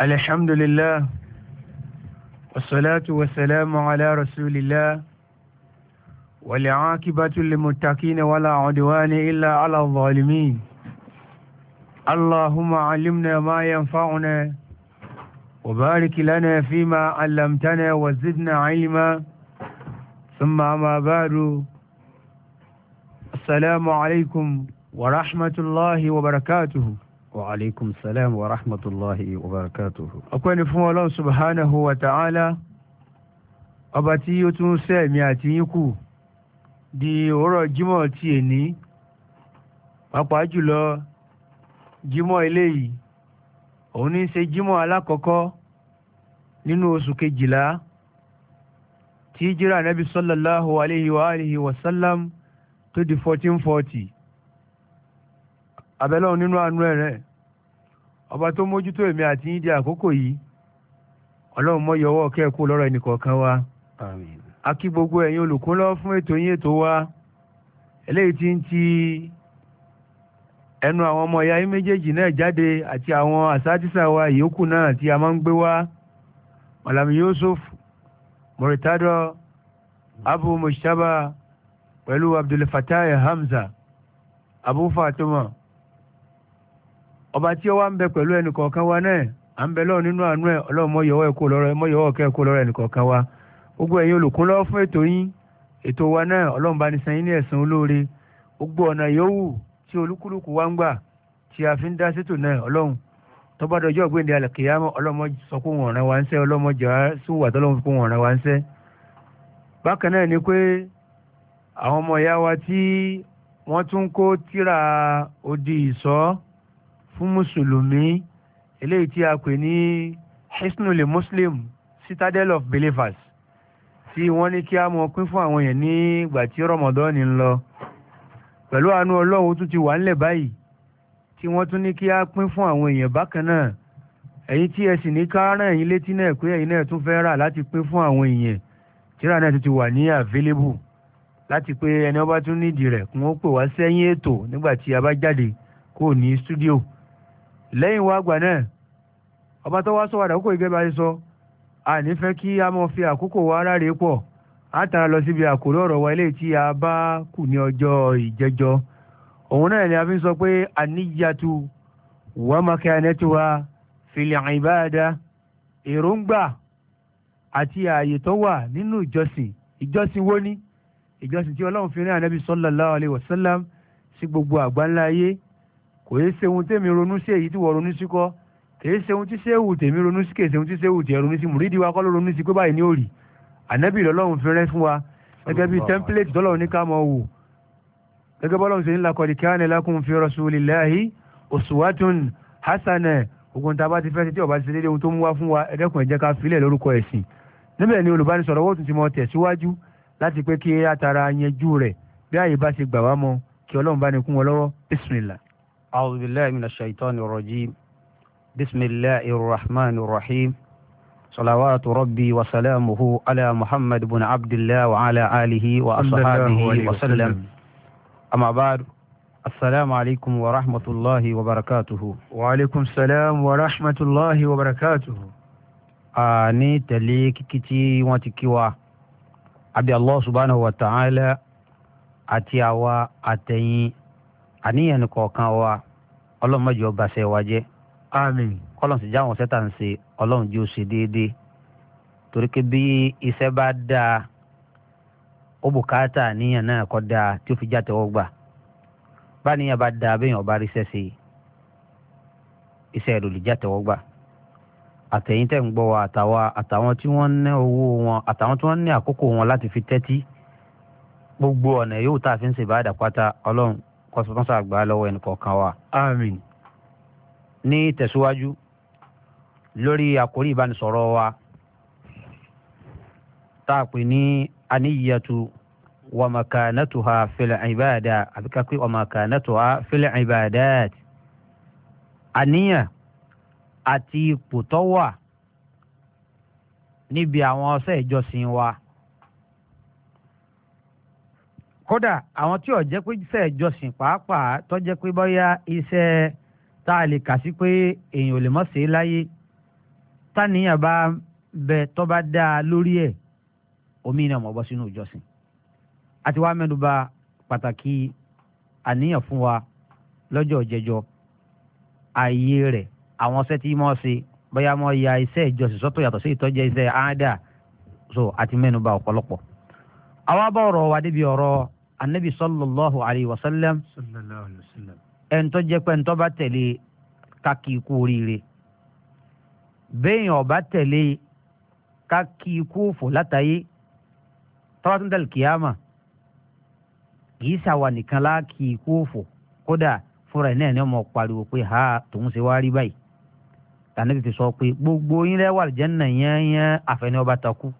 الحمد لله والصلاة والسلام على رسول الله والعاقبة للمتقين ولا عدوان إلا على الظالمين اللهم علمنا ما ينفعنا وبارك لنا فيما علمتنا وزدنا علما ثم ما بعد السلام عليكم ورحمة الله وبركاته وعليكم السلام ورحمة الله وبركاته. wa barakatuhu. ọpẹ́ ni fún ọlọ́run subhanahu wa ta'ala ọba tí ó tún sẹ́ẹ̀mí àti yín kù di òwúrọ̀ jímọ̀ ti èní pàápàá jùlọ jímọ̀ eléyìí òun ní í ṣe jímọ̀ alákọ̀ọ́kọ́ nínú oṣù kejìlá tí jíra nabi sallallahu alayhi wa alihi wa sallam tó di fourteen forty abẹ́lẹ́ nínú àánú ẹ̀rẹ́ ọba tó mójútó èmi àti yín di àkókò yìí ọlọ́run mọ́ yọwọ́ kẹ́ẹ̀kú lọ́rọ̀ ẹnìkọ̀ọ̀kan wa a kí gbogbo ẹ̀yin olùkúnlọ́ fún ètò yín ètò wa eléyìí ti ń ti ẹnu àwọn ọmọ ìyá yín méjèèjì náà jáde àti àwọn àsátìsà wa ìyókù náà tí a máa ń gbé wá malami Yusuf Muritado Abu Mushtaba pẹ̀lú Abdulfatah Hamza Abu Fatuma ọba tí ó wá ń bẹ pẹ̀lú ẹnìkọ̀ọ̀kan wa náà à ń bẹ lọ́wọ́ nínú àánú ẹ̀ ọlọ́run mọ̀yọ́wọ́ ẹ̀kọ́ lọ́rọ̀ mọ̀yọ́wọ́ ọ̀kẹ́ ẹ̀kọ́ lọ́rọ̀ ẹnìkọ̀ọ̀kan wa gbogbo ẹ̀yin olùkúnlọ́wọ́ fún ètò yín ètò wa náà ọlọ́run bá ní san yín ní ẹ̀san olóore gbogbo ọ̀nà yòówù tí olúkúlùkù wa ń gbà tí a fi ń dá sétò náà ọlọ́run tó bá ògbéǹde alẹ́kìyàmọ́ ọlọ́mọ sọ fún mùsùlùmí eléyìí tí a pè ní hisnul muslim citadel of believers tí wọ́n ní kí a mọ pín fún àwọn èèyàn ní ìgbà tí ramadan ń lọ pẹ̀lú àánú ọlọ́run tún ti wà ńlẹ̀ báyìí tí wọ́n tún ní kí a pín fún àwọn èèyàn bákan náà ẹ̀yin tí ẹ sì ní ká rán létí náà pé ẹ̀yin náà tún fẹ́ rà láti pín fún àwọn èèyàn tíra náà tún ti wà ní available láti pé ẹni ọba tún nídìí rẹ̀ kí wọ́n pè wá sẹ́yìn ètò nígbà tí a bá jáde kúrò ní stúdíò lẹ́yìn wá àgbà náà ọba tó wá sọ wàdà kókò ìgẹ́ bá ṣe sọ a nífẹ̀ẹ́ kí a mọ̀ fi àkókò wa aráre pọ̀ a tara lọ síbi àkórí ọ̀rọ̀ wa eléyìí tí a bá kù ní ọjọ́ ìjẹjọ́ òun náà ni a fi ń sọ pé àníyàtú wàmàkẹ́ anẹ́tiwa fìlẹ̀ àìbáadá èròǹgbà àti ààyè tó wà nínú ìjọsìn ìjọsìn wo ni ìjọsìn tí ọlọ́run fi rán ànábì sallallahu alaihi wasallam sí gbogbo àgbáńlá ayé kò yé sehun tèmi ronú sí èyí tí wọ́n ronú sí kọ́ kèé sehun tí sehun tèmi ronú sí kèé tí sehun tèmi ronú sí mùrídìí wa kọ́ ló ronú sí pé báyìí ní òrì ànábì lọ́lọ́run fi rẹ́ fún wa gẹ́gẹ́ bí template tọ́lọ́run ní ká mọ̀ wò gẹ́gẹ́ bọ́lọ́run sì ń la kọ̀dí kíá ni lakum fi rasulillahi uswatun hasanah ogun tá a bá ti fẹ́ tí ọba ti ṣe déédéé ohun tó mú wá fún wa ẹ̀dẹ́kùn ẹ̀jẹ̀ ká filẹ̀ lórúkọ ẹ̀sìn níbẹ̀ bí àyè bá ṣe gbà wá mọ kí ọlọ́run bá ní kún wọn lọ́wọ́ bísímìlà. أعوذ بالله من الشيطان الرجيم بسم الله الرحمن الرحيم صلوات ربي وسلامه على محمد بن عبد الله وعلى آله وأصحابه وسلم أما بعد السلام عليكم ورحمة الله وبركاته وعليكم السلام ورحمة الله وبركاته آني تليك كتي وتكوا عبد الله سبحانه وتعالى أتيوا أتيين àníyàn kọ̀ọ̀kan wa ọlọ́run má jẹ́ ó baṣẹ́ wa jẹ́ àmín kọ́lọ́n sì jáwọn sẹ́tà ń ṣe ọlọ́run jẹ́ ó ṣe déédéé torí pé bí iṣẹ́ bá dáa ó bùkátà àníyàn náà kọ́ dáa tí ó fi já tẹ́wọ́ gbà bá níyàn bá dáa béèyàn bá ríṣẹ́ ṣe iṣẹ́ rẹ̀ olùjá tẹ́wọ́ gbà àtẹ̀yìn tẹ̀ ń gbọ́ wa àtàwọn tí wọ́n ní owó wọn àtàwọn tí wọ́n ní àkókò wọn láti fi tẹ́tí gbogbo ọ̀nà yóò tá a fi ń ṣèbáàdà pátá ọlọ́run kọ́sọ́tọ́sọ́ àgbà lọ́wọ́ ẹnì kọ̀ọ̀kan wa àmín ní tẹ̀síwájú lórí àkórí ìbánisọ̀rọ̀ wa tá a pè ní aníyàtú wàmàkànàtúhà fìlẹ̀ ìbáàdà àbíká pé wàmàkànàtúhà fìlẹ̀ ìbáàdà àníyàn àti ipò tó wà níbi àwọn ọ̀sẹ̀ ìjọsìn wa kódà àwọn tí ò jẹ́ pé iṣẹ́ ìjọsìn pàápàá tó jẹ́ pé bóyá iṣẹ́ tá a lè kà sí pé èèyàn ò lè mọ̀ sí láyé táníyàn bá bẹ tó bá dá a lórí ẹ̀ omi náà mọ̀ bọ́ sínú ìjọsìn àti wàá mẹ́nu bà pàtàkì àníyàn fún wa lọ́jọ́ jẹjọ́ ààyè rẹ̀ àwọn iṣẹ́ tí mọ̀ ṣe bóyá mọ̀ ya iṣẹ́ ìjọsìn sọ́tọ̀ yàtọ̀ sí ìtọ́jẹ́ iṣẹ́ àádà so àti mẹ́nu ba ọ̀pọ̀lọpọ̀ àwa bọ̀ ọ̀rọ̀ wa débi ọ̀rọ̀ anabi sallallahu alayhi wa sallam ẹ̀ńtọ́ jẹ́ pé ẹ̀ńtọ́ bá tẹ̀lé kákì ikú oríire bẹ́ẹ̀yàn ọ̀bá tẹ̀lé kákì ikú òfò látàyé tọ́wọ́túndàlì kìámà kì í ṣàwà nìkan láàkì ikú òfò kódà fúnra ẹ̀ náà ni ọmọ pariwo pé ha tòun ṣe wá rí báyìí tànàbì fi sọ pé gbogbo yín lẹ́wà jẹ́ nà yẹn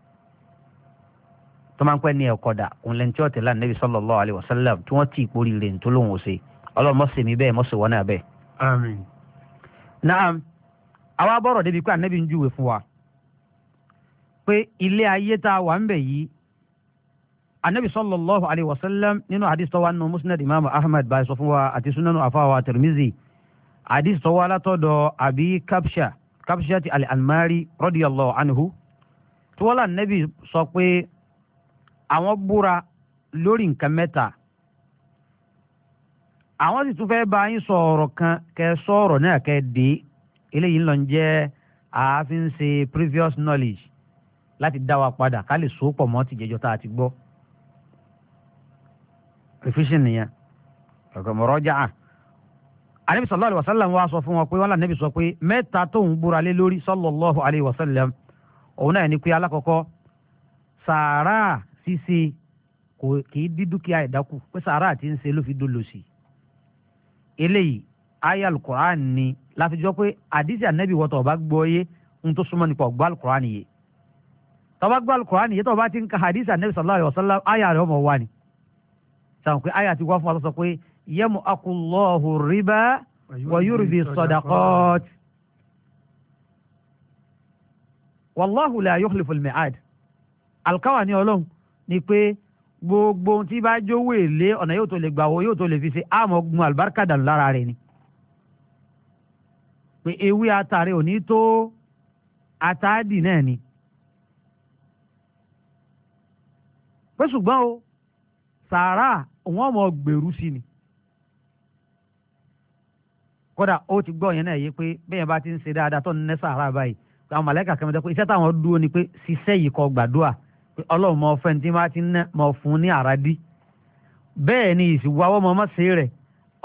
tọ́mọ̀ ń pẹ́ ní ẹ̀kọ́dà òun lẹ́ni tí ó tẹ̀lé ànábì sallallahu alaihi wasallam tí wọ́n ti ìpórí rẹ̀ tó lóun ò ṣe ọlọ́run mọ́sẹ̀ mi bẹ́ẹ̀ mọ́sẹ̀ wọn náà bẹ́ẹ̀. àmín. naam àwa bọ̀rọ̀ débi pé ànábì ń júwe fún wa pé ilé ayé tá a wà ń bẹ̀ yìí ànábì sallallahu alaihi nínú hadith tó musnad imam ahmad bá sọ fún wa àti sunanu afawa tirmizi hadith àwọn búra lórí nǹkan mẹ́ta àwọn sì tún fẹ́ bá yín sọ̀rọ̀ kan kẹ́ sọ̀rọ̀ náà kẹ́ dé eléyìí ló ń jẹ́ ààfin ṣe previous knowledge láti dá wa padà ká lè sòpọ̀ mọ́ tìjẹ́jọ́ tá a ti gbọ́ revision nìyẹn ọ̀gọ̀mọ̀rọ̀ jà á anabi sallallahu alayhi wa sallam wa sọ fún wa pé wala nebi nabi sọ pé mẹ́ta tóun búra lé lórí sallallahu alayhi wa sallam òun náà ní pé alákọ̀ọ́kọ́ sàárà ṣíṣe kò kì í dí dúkìá ìdákù pé sàárà àti ń ṣe ló fi dolo sí eléyìí aya alukur'an ni láfijọ́ pé àdìsí ànábì wọ́tọ̀ ọba gbọ́ yé ń tó súnmọ́ nípa ọgbà alukur'an yìí tọba gbọ́ alukur'an yìí tọba ti ń ka àdìsí ànábì sallallahu alaihi wasallam aya rẹ̀ ọmọ wa ni sàwọn pé aya ti wá fún wa sọ pé yẹmu akulọ́hu riba wa yurbi sadaqat wàláhùlẹ̀ ayọ́kùlẹ̀ fúlmẹ̀ ad alkawa ni ọlọ́run ni pé gbogbo ohun tí bá jówó èlé ọ̀nà yóò tó lè gbà wọ yóò tó lè fi ṣe àmọ́ gun àlùbáríkà dànù lára rẹ̀ ni pé ewé atare ò ní tó àtàdì náà ni. pé ṣùgbọ́n o sàárà wọ́n mọ̀ gbèrú sí ni kódà ó ti gbọ́ yẹn náà yé pé bẹ́ẹ̀ bá ti ń ṣe dáadáa tó ń ná sàárà báyìí àwọn màlẹ́kà kẹ́mẹ́tẹ́ pé iṣẹ́ táwọn dúró ni pé ṣiṣẹ́ yìí kó gbàdúrà ọlọ́run mọ fẹ́ tí máa ti ná mọ fún ní àràbí bẹ́ẹ̀ ni ìsìwáwọ́ mọ mọ́sẹ̀ rẹ̀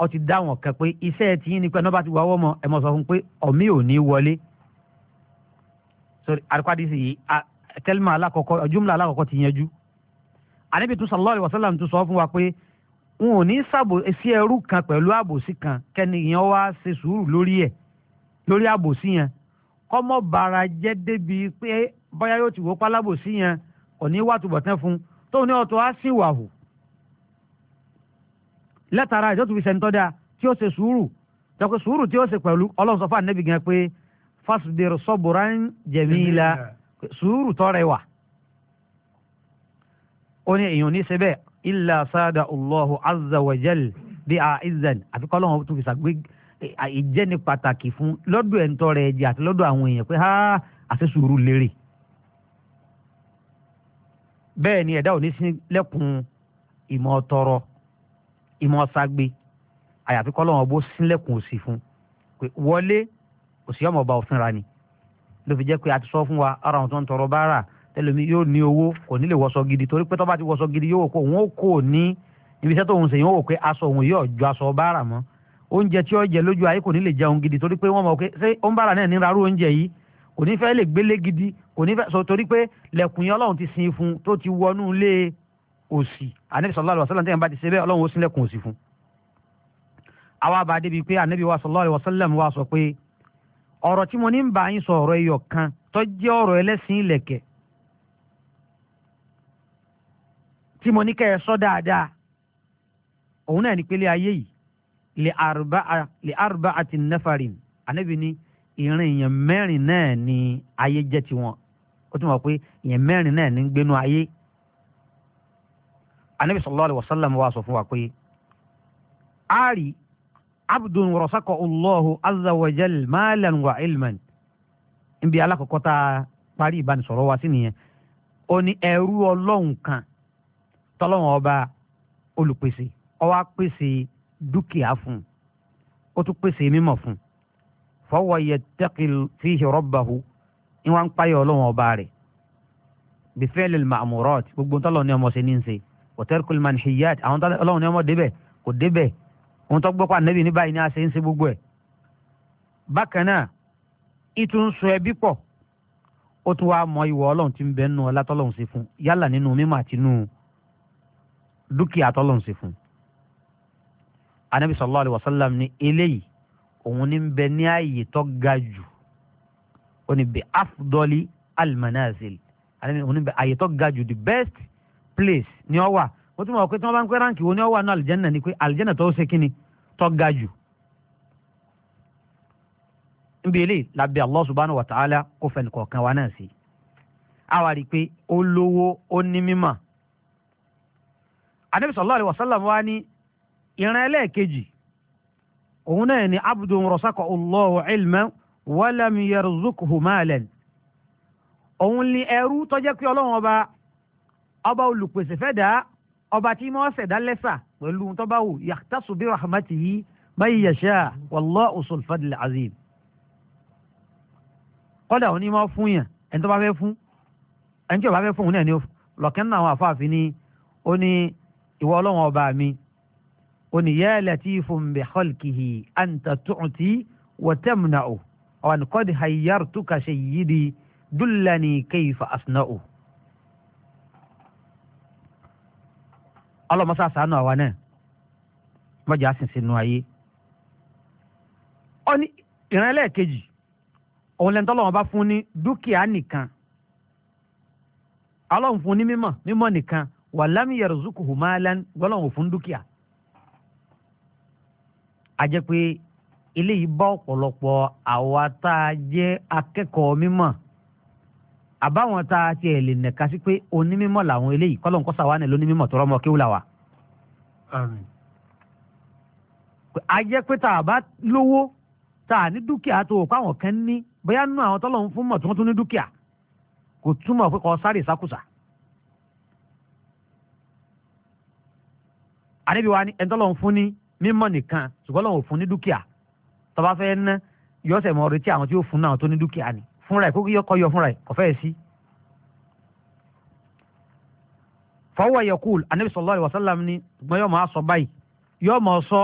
ọ ti dá wọn kan pé iṣẹ́ tí yín ni pé nọ́ba ti wáwọ́ mọ ẹ mọ sọ fún pé ọ̀mí ò ní wọlé sori àríkàdí sì yìí tẹ́lẹ̀mọ́ alákọ̀ọ́kọ́ jùmlá alákọ̀ọ́kọ́ ti yanjú àníbi tó sallallahu alaihi wasallam tó sọ fún wa pé n ò ní sàbò sí ẹrú kan pẹ̀lú àbòsí kan kẹ́niyàn wá ṣe sùúrù lórí ẹ̀ lórí àbòsí yẹn kọ́mọ́ bara jẹ́ débi pé bóyá yóò ti wò pálábòsí yẹn òní wà túbọ̀ tán fún tóun ní ọ̀tọ̀ á sì wà hù látara ìjọ́ tó fi sẹ́ńtọ́ dáa tí ó ṣe sùúrù tẹ̀kọ̀ sùúrù tí ó ṣe pẹ̀lú ọlọ́run sọ gan pé fásitì sọ́bùrán jẹ̀míìlà sùúrù tọ́rẹ̀ wà ó ní èèyàn ní ṣe ilà sáadà allahu azza wa jal bí a izan àfi kọ́ ọlọ́run tó fi ṣàgbé ìjẹ́ni pàtàkì fún lọ́dọ̀ ẹ̀ńtọ́ rẹ̀ jẹ́ àti lọ́dọ̀ àwọn èèyàn pé ha àṣẹ sùúrù lérè bẹ́ẹ̀ ni ẹ̀dá ò ní sí lẹ́kùn ìmọ̀ tọrọ ìmọ̀ sagbe àyàfi kọ́lọ́wọ́n bó sílẹ̀kùn òsì fún pé wọlé òsì ọmọ ọba òfin ra ni ló fi jẹ́ pé a ti sọ fún wa ara àwọn tó ń tọrọ báárà tẹlẹmi yóò ní owó kò ní lè wọṣọ gidi torí pé tó bá ti wọṣọ gidi yóò kó òun ó kó o ní ibi iṣẹ́ tó ń ṣe yóò wò pé aṣọ òun yóò ju aṣọ báárà mọ́ oúnjẹ tí ó jẹ lójú ayé kò ní lè jẹun gidi torí pé wọ́n mọ̀ pé ṣé ó ń báárà náà ní rárú oúnjẹ yìí kò ní fẹ́ lè gbélé gidi kò ní fẹ́ sọ torí pé lẹ́kùn yẹn ọlọ́run ti sin fún tó ti wọnú ilé òsì anabi sallallahu alaihi wasallam tẹ́yìn bá ti ṣe bẹ́ẹ̀ ọlọ́run ó ṣílẹ̀kùn òsì fún. àwa bá débi pé anabi wa sallallahu alaihi wasallam wa sọ pé ọ̀rọ̀ tí mo ní ń bá yín sọ ọ̀rọ̀ ẹyọ kan tó jẹ́ ọ̀rọ̀ ẹlẹ́sìn ilẹ̀kẹ̀ tí mo ní kẹ́ ẹ sọ dáadáa òun náà ní pélé ayé yìí lè arba àti nafarin anabi ni. ìrìn èèyàn mẹ́rin náà ni ayé jẹ́ tiwọn ó tún pé èèyàn mẹ́rin náà gbénu ayé anabi sallallahu alayhi wa sallam wa sọ fún wa pé ari abdul warasakọ allahu azawajal wa wa ilman nbi alakoko ta parí ìbánisọ̀rọ̀ wa sí nìyẹn ó ní ẹrú ọlọ́run ọba olùpèsè pèsè dúkìá fún un ó tún pèsè fọwọ́ yattaqi fihi rabbahu ni wọ́n ń payọ̀ ọlọ́wọ́n ọba rẹ̀ bifẹ́lẹ̀ ma'amurat gbogbo ntọ́lọ́ ni ọmọ ṣe ní ṣe wọ́tẹ́rìkùl manhiyat àwọn ọlọ́wọ́n ni ọmọ débẹ̀ kò débẹ̀ ohun tó gbọ́ pa nẹ́bí ní báyìí ni a ń ṣe gbogbo ẹ̀. bákan ìtún sọ ẹbí pọ̀ ó tún wá mọ ìwọ ọlọ́run tí ń bẹ nínú ọlá òun ní bẹ ní ààyè tó ga jù ó ní bẹ afdọ́lì almanazil òun ní bẹ ààyè tó ga jù the best place ni ọ wà ó tún mọ̀ pé tí wọ́n bá ń pẹ́ ránkì wo ni ọ wà ní alìjẹ́nà ni pé alìjẹ́nà tó ṣe kíni tó ga jù níbi eléyìí labẹ́ Allah subhanahu wa ta'ala kó fẹ́ nìkọ̀ọ̀kan wa náà sí a wá rí i pé ó lówó ó ní mímọ̀ anabi sallallahu alaihi wasallam wa ní ìran ẹlẹ́ẹ̀kejì òun náà ni abdu rọ̀sákà Allahu ilman walam yarzuqhu malan òun ni ẹrú tó jẹ́ pé ọlọ́run ọba ọba olùpèsè fẹ́ dá ọba tí mọ́ ṣẹ̀dá lẹ́sà pẹ̀lú tó bá wù yàtàṣù bí rahmatihi man yasha wallahu sul fadl azim kọ́dà òun ni mọ́ fún yàn ẹni tó bá fẹ́ fún ẹni tí ò bá fẹ́ fún òun náà ni lọ́kẹ́ àwọn àfáàfin ni ó ní ìwọ ọlọ́run ọba mi òní yá latifun bi khalqihi anta tu'ti wa tamna'u wa qad hayyartuka sayyidi dullani kayfa asna'u. ọlọmọsá sànù àwa náà mọjà sísìn nù ayé. ó ní ìrànlẹ́ kejì òun lẹ́nu tọ́lọ́wọ́n bá fún ní dúkìá nìkan ọlọ́run fún ní mímọ̀ mímọ̀ nìkan wàlámì yarzuquhu gbọ́lọ́wọ́n fún dúkìá a jẹ́ pé eléyìí bá ọ̀pọ̀lọpọ̀ àwa tá a jẹ́ akẹ́kọ̀ọ́ mímọ̀ àbáwọn tá a tiẹ̀ lè nẹ̀ka sí pé onímọ̀ làwọn eléyìí kọ́lọ́n kọ́sà wa ní lónímọ̀ tọrọ mọ́ kéwù là wa. àmín. a pé tá a bá lówó tá a ní dúkìá tó o kó àwọn kan ní bóyá nínú àwọn tọ́lọ̀ ń fún mọ̀ tí wọ́n tún ní dúkìá kò túmọ̀ pé kò sáré sákùsà. àníbi wa ni ẹ̀ńtọ́lọ̀ ń fún ní mímọ́ nìkan ṣùgbọ́n lọ́wọ́ fún ní dúkìá tó bá fẹ́ ná yọ ọ̀sẹ̀ mọ́ retí àwọn tí ó fún náà tó ní dúkìá ni fúnra ẹ̀ kó kọ́ yọ fúnra ẹ̀ kọ́ fẹ́ sí. fọwọ́ yakul anabi sallallahu alayhi wa sallam ni gbọ́n yọ máa sọ báyìí yọ máa sọ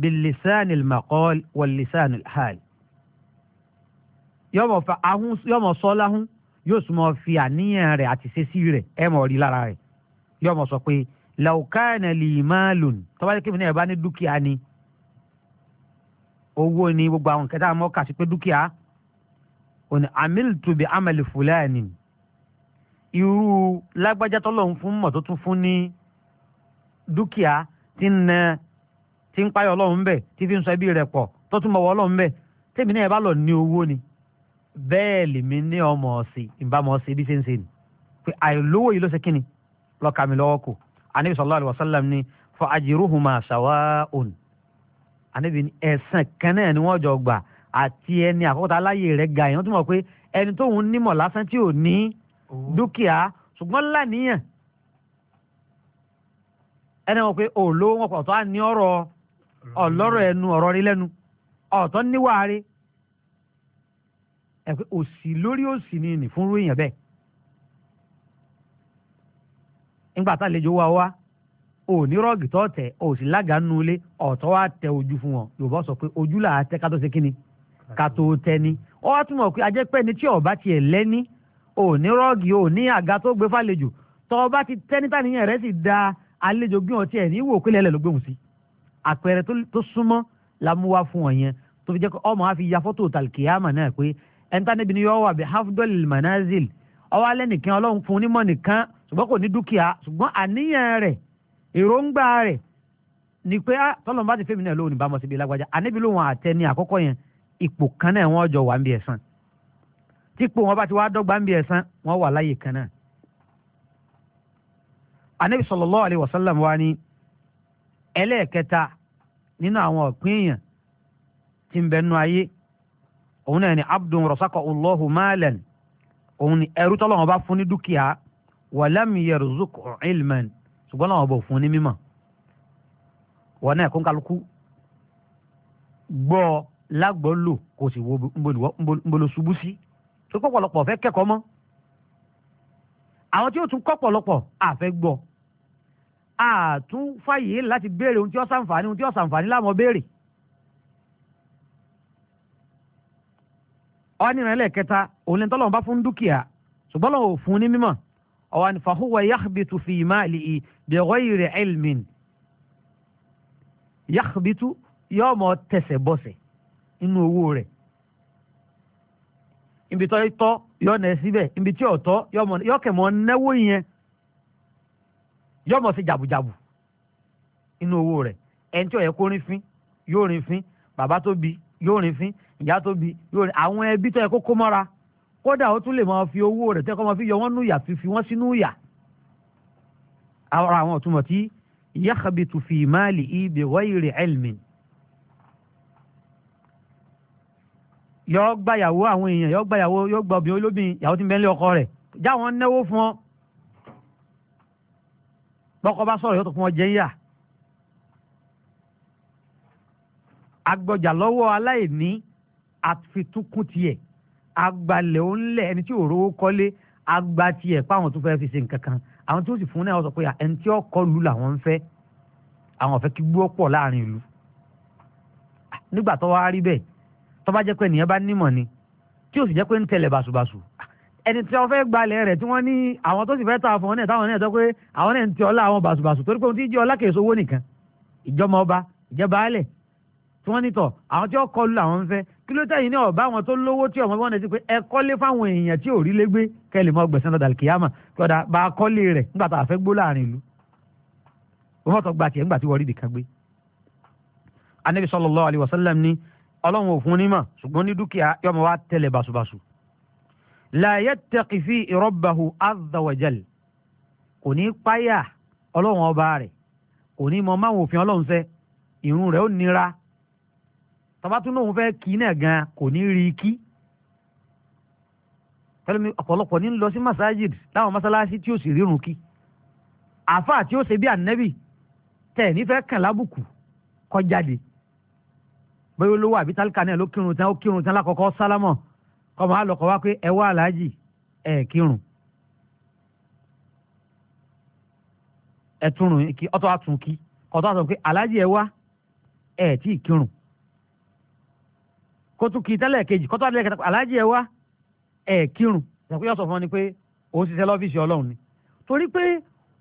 bilisani makol walisani hal yọ máa sọ láhùn yóò sì máa fi àníyàn rẹ̀ àti ṣesí rẹ̀ ẹ̀ máa rí lára rẹ̀ yọ máa sọ pé laukana limalun tọ́ba ní kí mìíràn bá ní dúkìá ni owó ni gbogbo àwọn nǹkan tá a kà sí pé dúkìá òní amiltu bi amali fulani irú lágbájá tọ́lọ̀ ń fún mọ̀ tó tún fún ní dúkìá tí ń na tí ń payọ̀ ọlọ́run bẹ̀ tí fi ń sọ ẹbí rẹ̀ pọ̀ tó tún mọ̀ wọ́ ọlọ́run bẹ̀ tèmi náà ẹ bá lọ ní owó ni bẹ́ẹ̀ lèmi ní ọmọ ọ̀sìn ìbámu ọ̀sìn bí ṣe ń ṣe ni pé àìlówó yìí ló ṣe kíni lọ́ka mi lọ́wọ́ kù anabi sallallahu alayhi wa sallam ni fa ajiruhuma sawaun anabi ni ẹ̀san kan náà ni wọ́n jọ gbà àti ẹni àkọ́kọ́ tá aláyè rẹ̀ ga èèyàn tó mọ̀ pé ẹni tóun nímọ̀ lásán tí ò ní oh. dúkìá ṣùgbọ́n láníyàn ẹni wọn pé òòló wọn pọ̀ tó á ní ọ̀rọ̀ ẹnu ọ̀rọ̀ rí lẹ́nu ọ̀tọ́ níwáre ẹ̀ pé òsì lórí òsì ni nì fún irú èèyàn nígbà tá àlejò wa wá o ní rọ́ọ̀gì tó tẹ̀ o sì lága nínú ilé ọ̀tọ́ wa tẹ ojú fún wọn yorùbá sọ pé ojú là á tẹ ká tó ṣe kíni ká tó tẹ ni ó wá túmọ̀ pé ajẹ́pẹ́ ni tí ọba tiẹ̀ lẹ́ni o ní rọ́ọ̀gì o ní àga tó gbé fàlejò tọ́ ọba ti tẹ́ níta nìyẹn rẹ̀ sì da àlejò gbé wọn tiẹ̀ ní ìwò pé lẹ́lẹ̀ ló gbé wọn sí àpẹẹrẹ tó súnmọ́ la mú wá fún wọn yẹn tó fi jẹ́ ọmọ wa fi ya fọ́tò tàlkìyàmà náà pé ẹ̀ńtánẹ́bí ni yọ wà bí hafdọ́lì ṣùgbọ́n kò ní dúkìá ṣùgbọ́n àníyàn rẹ̀ èròǹgbà rẹ̀ ni pé á ah, tọ́lọ́n bá ti fẹ́mi náà lóhùn ìbámu síbi lágbájá àníbi lóhùn àtẹ ní àkọ́kọ́ yẹn ipò kan náà wọ́n jọ wà ń bí ẹ̀san típò wọn bá ti wá dọ́gba ń bí ẹ̀san wọ́n wà láyè kan náà. àníbi sallallahu alaihi wasallam wa ni ẹlẹ́ẹ̀kẹta nínú àwọn ọ̀pìn èèyàn ti ń bẹ nú ayé òun náà ni abdul rasaka allahu malan òun ni ẹrú tọ́lọ́wọ́n bá fún ní dúkìá wàlámì yẹrùzùk ilman ṣùgbọ́n àwọn ọba òfun ní mímọ̀ wọn náà kún kálukú gbọ́ lágbọ́ lò kò sì wo nbolo ṣubú sí tó pọ̀pọ̀lọpọ̀ fẹ́ kẹ́kọ̀ọ́ mọ́ àwọn tí ó tún kọ́ pọ̀lọpọ̀ àfẹ́ gbọ́ àtún fàyè láti béèrè ohun tí ó sàǹfààní ohun tí ó sàǹfààní láwọn béèrè. ọ́ nínú ẹlẹ́ẹ̀kẹta òun lè tọ́lọ́wọ́n bá fún dúkìá ṣùgbọ́n lọ́wọ́ fún ní mímọ̀ ọwọ́ ni fahuwa yakhbitu fi malihi bighayri ilmin yakhbitu yóò mọ tẹsẹ̀ bọ́sẹ̀ inú owó rẹ̀ ibi tó tọ́ yóò nà ẹ síbẹ̀ ibi tí ò tọ́ yóò kẹ̀ mọ́ náwó yẹn yóò mọ̀ sí jàbùjàbù inú owó rẹ̀ ẹni tí ò yẹ kó rin fín yóò rin fín bàbá tó bí yóò rin fín ìyá tó bí yóò rin àwọn ẹbí tó yẹ kó kó mọ́ra kódà ó tún lè máa fi owó rẹ̀ tẹ́kọ́ máa fi yọ wọ́n nú ìyà fífi wọ́n sínú ìyà ara àwọn ọ̀túnmọ̀ tí yakhbitu fi malihi bi ghayri ilmin yọ gbàyàwó àwọn èèyàn yọ gbàyàwó yọ gbà obìnrin olóbìnrin ìyàwó tí ń bẹ ń lé ọkọ rẹ̀ já wọn náwó fún ọ bọ́kọ bá sọ̀rọ̀ yóò tó fún ọ jẹ́ yíyà agbọjà lọ́wọ́ aláìní àfitukùn tiẹ̀ agbalẹ̀ ó ń lẹ̀ ẹni tí òróró kọ́lé agba tiẹ̀ pa àwọn tó fẹ́ fi ṣe nǹkan kan àwọn tó sì fún náà sọ pé ẹni tí ọkọ lù làwọn ń fẹ́ àwọn ọ̀fẹ́ kí gbó pọ̀ láàrin ìlú nígbà tó wá rí bẹ́ẹ̀ tó bá jẹ́ pé ènìyàn bá nímọ̀ ni tí ó sì jẹ́ pé ń tẹ̀lẹ̀ bàṣùbàṣù ẹni tí wọ́n fẹ́ gbalẹ̀ rẹ̀ tí wọ́n ní àwọn tó sì fẹ́ ta fún ọ náà táwọn náà sọ pé àwọn náà ń tẹ tí wọ́n ní tọ̀ àwọn tí wọ́n kọlu àwọn ń fẹ́ kí ló tẹ̀yìn ní ọ̀bá àwọn tó lówó tí ọmọ wọn ti pé ẹ kọ́lé fáwọn èèyàn tí ò rí lé gbé kẹ́lẹ̀ mọ́ gbẹ̀sán lọ́dà kìyàmà kí ọ̀dà bá a kọ́lé rẹ̀ nígbà tá a fẹ́ gbó láàrin ìlú wọ́n tọ́ gba tiẹ̀ nígbà tí wọ́n rí ibìkan gbé. anabi sallallahu alaihi wasallam ní ọlọ́run òfun nímọ̀ ṣùgbọ́n ní dúkìá yọmọ wa tẹ̀lé basubasu. nira tọ́ba tún lóun fẹ́ kí náà gan kò ní rí i kí tẹ́lẹ̀mí ọ̀pọ̀lọpọ̀ ní lọ sí masajid láwọn masalasi tí ó sì rírun kí àáfàá tí ó ṣe bí ànẹ́bì tẹ̀ nífẹ̀ẹ́ kàn lábùkù kọjáde bóyá olówó àbí tálíkà náà ló kírun tán ó kírun tán lákọ̀ọ́kọ́ sálámọ̀ kọ́mọ àlọ́kọ̀ wá pé ẹ wá aláàjì ẹ kírun ẹ túrun kí ọtọ́ àtún kí kọ́tọ́ àtún pé aláàjì ẹ wá ẹ tí ì kírun. kó tún kí tẹ́lẹ̀ kejì kó tó àdìlẹ̀ kẹta aláàjì ẹ wá ẹ kírun fún ọ ni pé òun ṣiṣẹ́ lọ́fíìsì ọlọ́run ni torí pé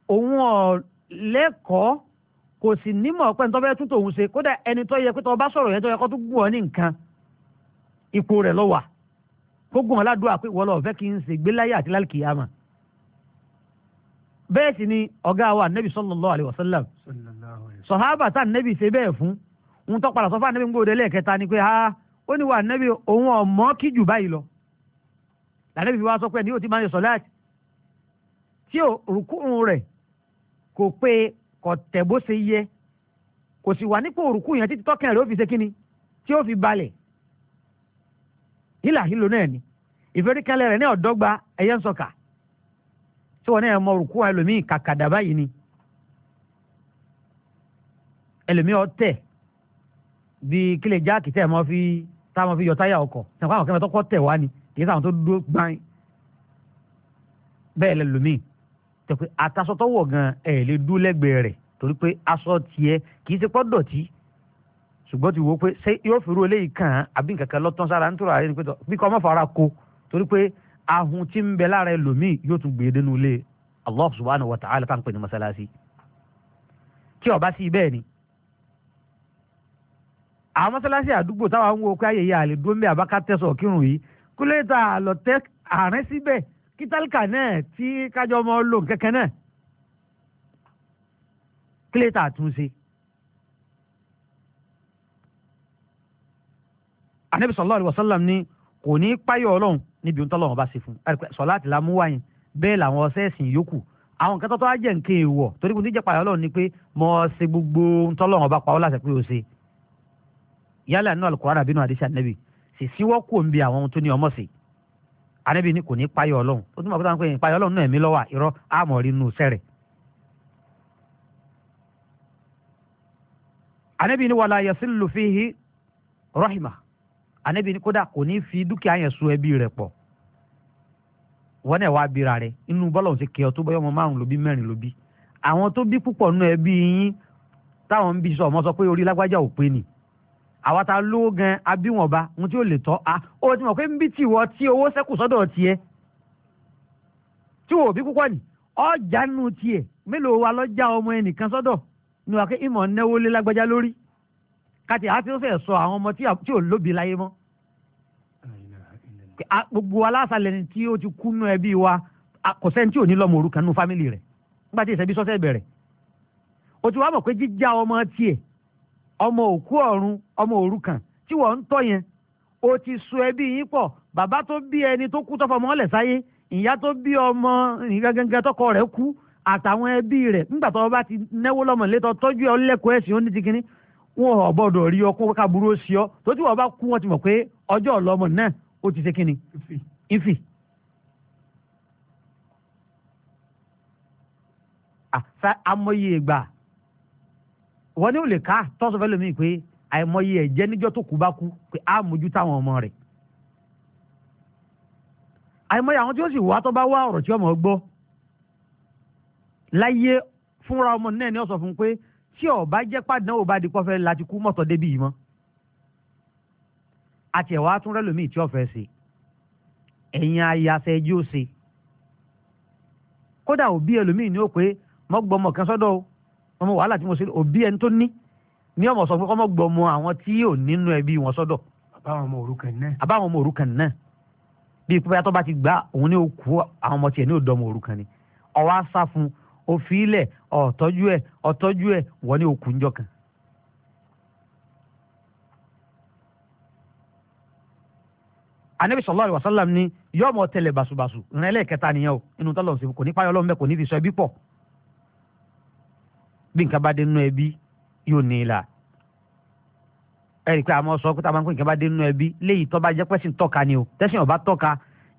òun ọ̀ lẹ́kọ̀ọ́ kò sì nímọ̀ pé ní tọ́bẹ̀ tún tòun ṣe kódà ẹni tó yẹ pé tọ́ bá sọ̀rọ̀ yẹn tó yẹ kó tún gùn ọ ní nǹkan ipò rẹ̀ wà kó gùn ọ ládùúgbò àpé n ṣe àti ni ọ̀gá wa nẹ́bí sọ̀hábà tá nẹ́bí ṣe bẹ́ẹ̀ fún ń tọ́ padà ń lẹ́ẹ̀kẹta ha ó ní wà nẹ́bí òun ọ̀mọ́ kí jù báyìí lọ lànàbí fi wá sọ pé ní òtí máa ń sọ láti tí òrùkún rẹ̀ kò pé kò tẹ̀ bó ṣe yẹ kò sì wà nípò òrùkún yẹn títí tọ́kàn rẹ̀ ó fi ṣe kíni tí ó fi balẹ̀ hílà hílò náà ni ìfẹ́ríkẹ́lẹ́ rẹ̀ ní ọ̀dọ́gba ẹ̀yẹ ń sọ̀kà tí wọn náà mọ òrùkún ẹlòmíì kàkàdà báyìí ni ẹlòmíì ọ̀tẹ̀ bíi kílẹ̀ jáàkì tẹ̀ mọ́ fi táwọn fi yọ táyà ọkọ̀ sẹ̀kọ́ àwọn kẹfẹ́ tó kọ́ tẹ̀ wá ni kì í sáwọn tó dúró gbáyìn bẹ́ẹ̀ lẹ lómi tẹ̀ pé àtàṣọ tó wọ̀ gan ẹ̀ lè dú lẹ́gbẹ̀ẹ́ rẹ̀ torí pé aṣọ tiẹ̀ kì í ṣe pọ́ dọ̀tí ṣùgbọ́n ti wo pé ṣé yóò fi ru eléyìí kàn án àbí nǹkan kan lọ́tọ́ sára nítorí àárẹ̀ nípẹ́tọ̀ bí kò má fara ko torí pé ahun tí ń bẹ lára ẹlòmíì yóò tún gbé e dénú ilé Allah subhanahu wa ta'ala tá à ń pè ní masalasi tí ó sí bẹ́ẹ̀ ni àwọn mọ́sálásí àdúgbò táwa ń wo pé ayẹyẹ àlè dúró ń bẹ àbáká tẹ̀sọ̀ kírun yìí kúlẹ̀ tá a lọ tẹ́ àárín síbẹ̀ kí náà tí kájọ ọmọ lò kẹ́kẹ́ náà kílẹ̀ tá a tún ṣe. anabi sallallahu alaihi ni kò ní páyọ̀ ọlọ́run níbi ohun tọ́lọ́run bá ṣe fún sọ̀láàtì la mú wáyìn bẹ́ẹ̀ làwọn ọ̀sẹ̀ ẹ̀sìn yòókù àwọn nǹkan tọ́tọ́ á jẹ́ nǹkan èèwọ̀ torí kò ní jẹ́ páyọ̀ ọlọ́run ni pé mọ̀ ọ́ ṣe gbogbo ohun tọ́lọ́run bá pa ọ́ láṣẹ pé ó ṣe yálà nínú alukóra àbínú àdìsí ànábì sì síwọ́ kú òǹbi àwọn ohun tó ní ọmọ sí ànábì ni kò ní payọ̀ ọlọ́run ó tún bọ̀ pátá ń pè é payọ̀ ọlọ́run náà ẹ̀mí lọ́wọ́ irọ́ àmọ̀ rí sẹ́rẹ̀. ànábì ni wàlá yasilu fihi rahima ànábì ni kódà kò ní fi dúkìá yẹn so ẹbí rẹ̀ pọ̀ wọn náà wá bira rẹ̀ inú bọ́lọ̀ ti kẹ́ ọ tó bọ́yọ́ ọmọ márùn-ún ló bí mẹ́rin ló àwọn tó bí púpọ̀ nínú ẹbí yín táwọn ń bí sọ ọmọ sọ pé orí lágbájá ò pé nìí àwa ta lówó gan abíwọ̀nba ohun tí ó lè tọ́ a ó ti mọ̀ pé nbí tí ìwọ tí owó sẹ́kù sọ́dọ̀ tiẹ̀ tí wò bí púpọ̀ ni ọjà nù tiẹ̀ mélòó wa lọ́jà ọmọ ẹnìkan sọ́dọ̀ ni wà pé ìmọ̀ náwó lé lágbájá lórí káti àti ó fẹ́ sọ àwọn ọmọ tí ò lóbi láyé mọ́ gbogbo aláṣàlẹ̀ ni tí ó ti kú nú ẹbí wa kò sẹ́ni tí ò ní lọ́mọ òrukàn nú fámìlì rẹ̀ nígbà tí ìṣẹ́bí sọ́sẹ́ bẹ̀rẹ̀ o ti wá mọ̀ pé jíjá ọmọ tiẹ̀ ọmọ òkú ọ̀run ọmọ òrukàn tí wọ́n ń tọ́ yẹn o ti so ẹbí yín pọ̀ bàbá tó bí ẹni tó kú ọmọ lẹ̀ sáyé ìyá tó bí ọmọ gangan tọkọ rẹ̀ kú àtàwọn ẹbí rẹ̀ nígbà tó bá ti náwó lọ́mọ létọ́ tọ́jú lẹ́kọ̀ọ́ ẹ̀sìn ó ní ti kínní wọn ò rí ọkọ ọ tó tí wọ́n bá kú ti mọ̀ pé wọ́n ní ò lè ká tọ́sọ fẹ́ lómi pé àìmọye ẹ̀jẹ̀ níjọ́ tó kú bá kú pé á mójú táwọn ọmọ rẹ̀ àìmọye àwọn tí ó sì wá tó bá wá ọ̀rọ̀ tí ọmọ gbọ́ láyé fúnra ọmọ náà ni ó sọ fún pé tí ọba jẹ́ pàdánù ọba di kọ́fẹ́ láti kú mọ́tọ́ débi yìí àti ẹ̀wà atúnrẹ́ lómi tí ọ̀fẹ́ ṣe ẹ̀yin ayàfẹ́ ẹjí ṣe kódà òbí ẹlòmíì ni ó pé mọ́gbọ́mọ kan sọ́dọ̀ ọmọ wàhálà tí mo ṣe òbí ẹni tó ní ní ọmọ sọ pé kọ́mọ gbọmọ àwọn tí ò nínú ẹbí wọn sọ́dọ̀. àbáwọn ọmọ òrukàn náà. àbáwọn ọmọ òrukàn náà bíi pípẹ́ tó bá ti gbá òun ní òkú àwọn ọmọ tiẹ̀ ní òdọ́ ọmọ ni ọwọ́ á sá fún òfin ilẹ̀ ọ̀tọ́jú ẹ̀ ọ̀tọ́jú ẹ̀ wọ́n ní òkú ńjọ kan. anabi sallallahu alaihi wasallam ni yọmọ tẹlẹ basubasu nrẹlẹ kẹta nìyẹn o inú tọlọ ń sèpò kò ní bí nǹkan bá dé nínú ẹbí yóò ní ìlà ẹ rí i pé àmọ́ sọ pé táwọn nǹkan bá dé nínú ẹbí léyìí tó bá jẹ́ pẹ́sìn tọ́ka ni o tẹ́sìn ọba tọ́ka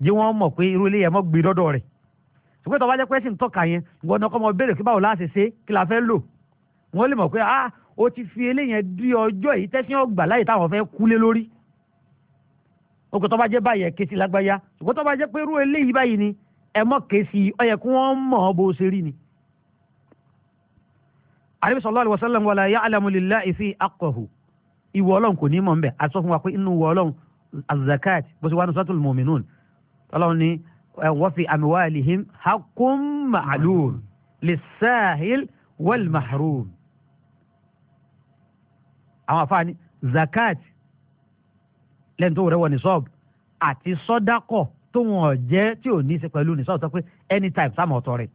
jẹ́ wọ́n mọ̀ pé irú eléyìí ẹ̀ mọ́ gbé dọ́dọ̀ rẹ̀ ṣùgbọ́n tó bá jẹ́ pẹ́sìn tọ́ka yẹn ìwọ ni ọkọ ọmọ béèrè pé báwo láti ṣe kí la fẹ́ lò wọ́n lè mọ̀ pé ah o ti fi eléyìí di ọjọ́ yìí tẹ́sìn ọgbà láyè táwọn fẹ́ kúlé lórí oko tó bá jẹ́ báyìí ẹ̀ ké àríwí sallallahu alaihi wasallam wala ya'lamu lillahi fi haqqahu ìwọ ọlọ́run kò ní mọ̀ nbẹ̀ àti sọ fún wa pé inú ìwọ ọlọ́run azakat bó ṣe wà ní suratul mu'minun ọlọ́run ní wa fi amwalihim haqqun ma'lum lis-sa'il wal mahrum. àwọn àfáàní zakat lẹ́yìn tó rẹwọ ní sọ́ọ̀bù àti sọ́dákọ̀ tó wọn jẹ́ tí ò ní í ṣe pẹ̀lú ní sọ pé anytime sáà mọ̀ ọ̀tọ̀ rẹ̀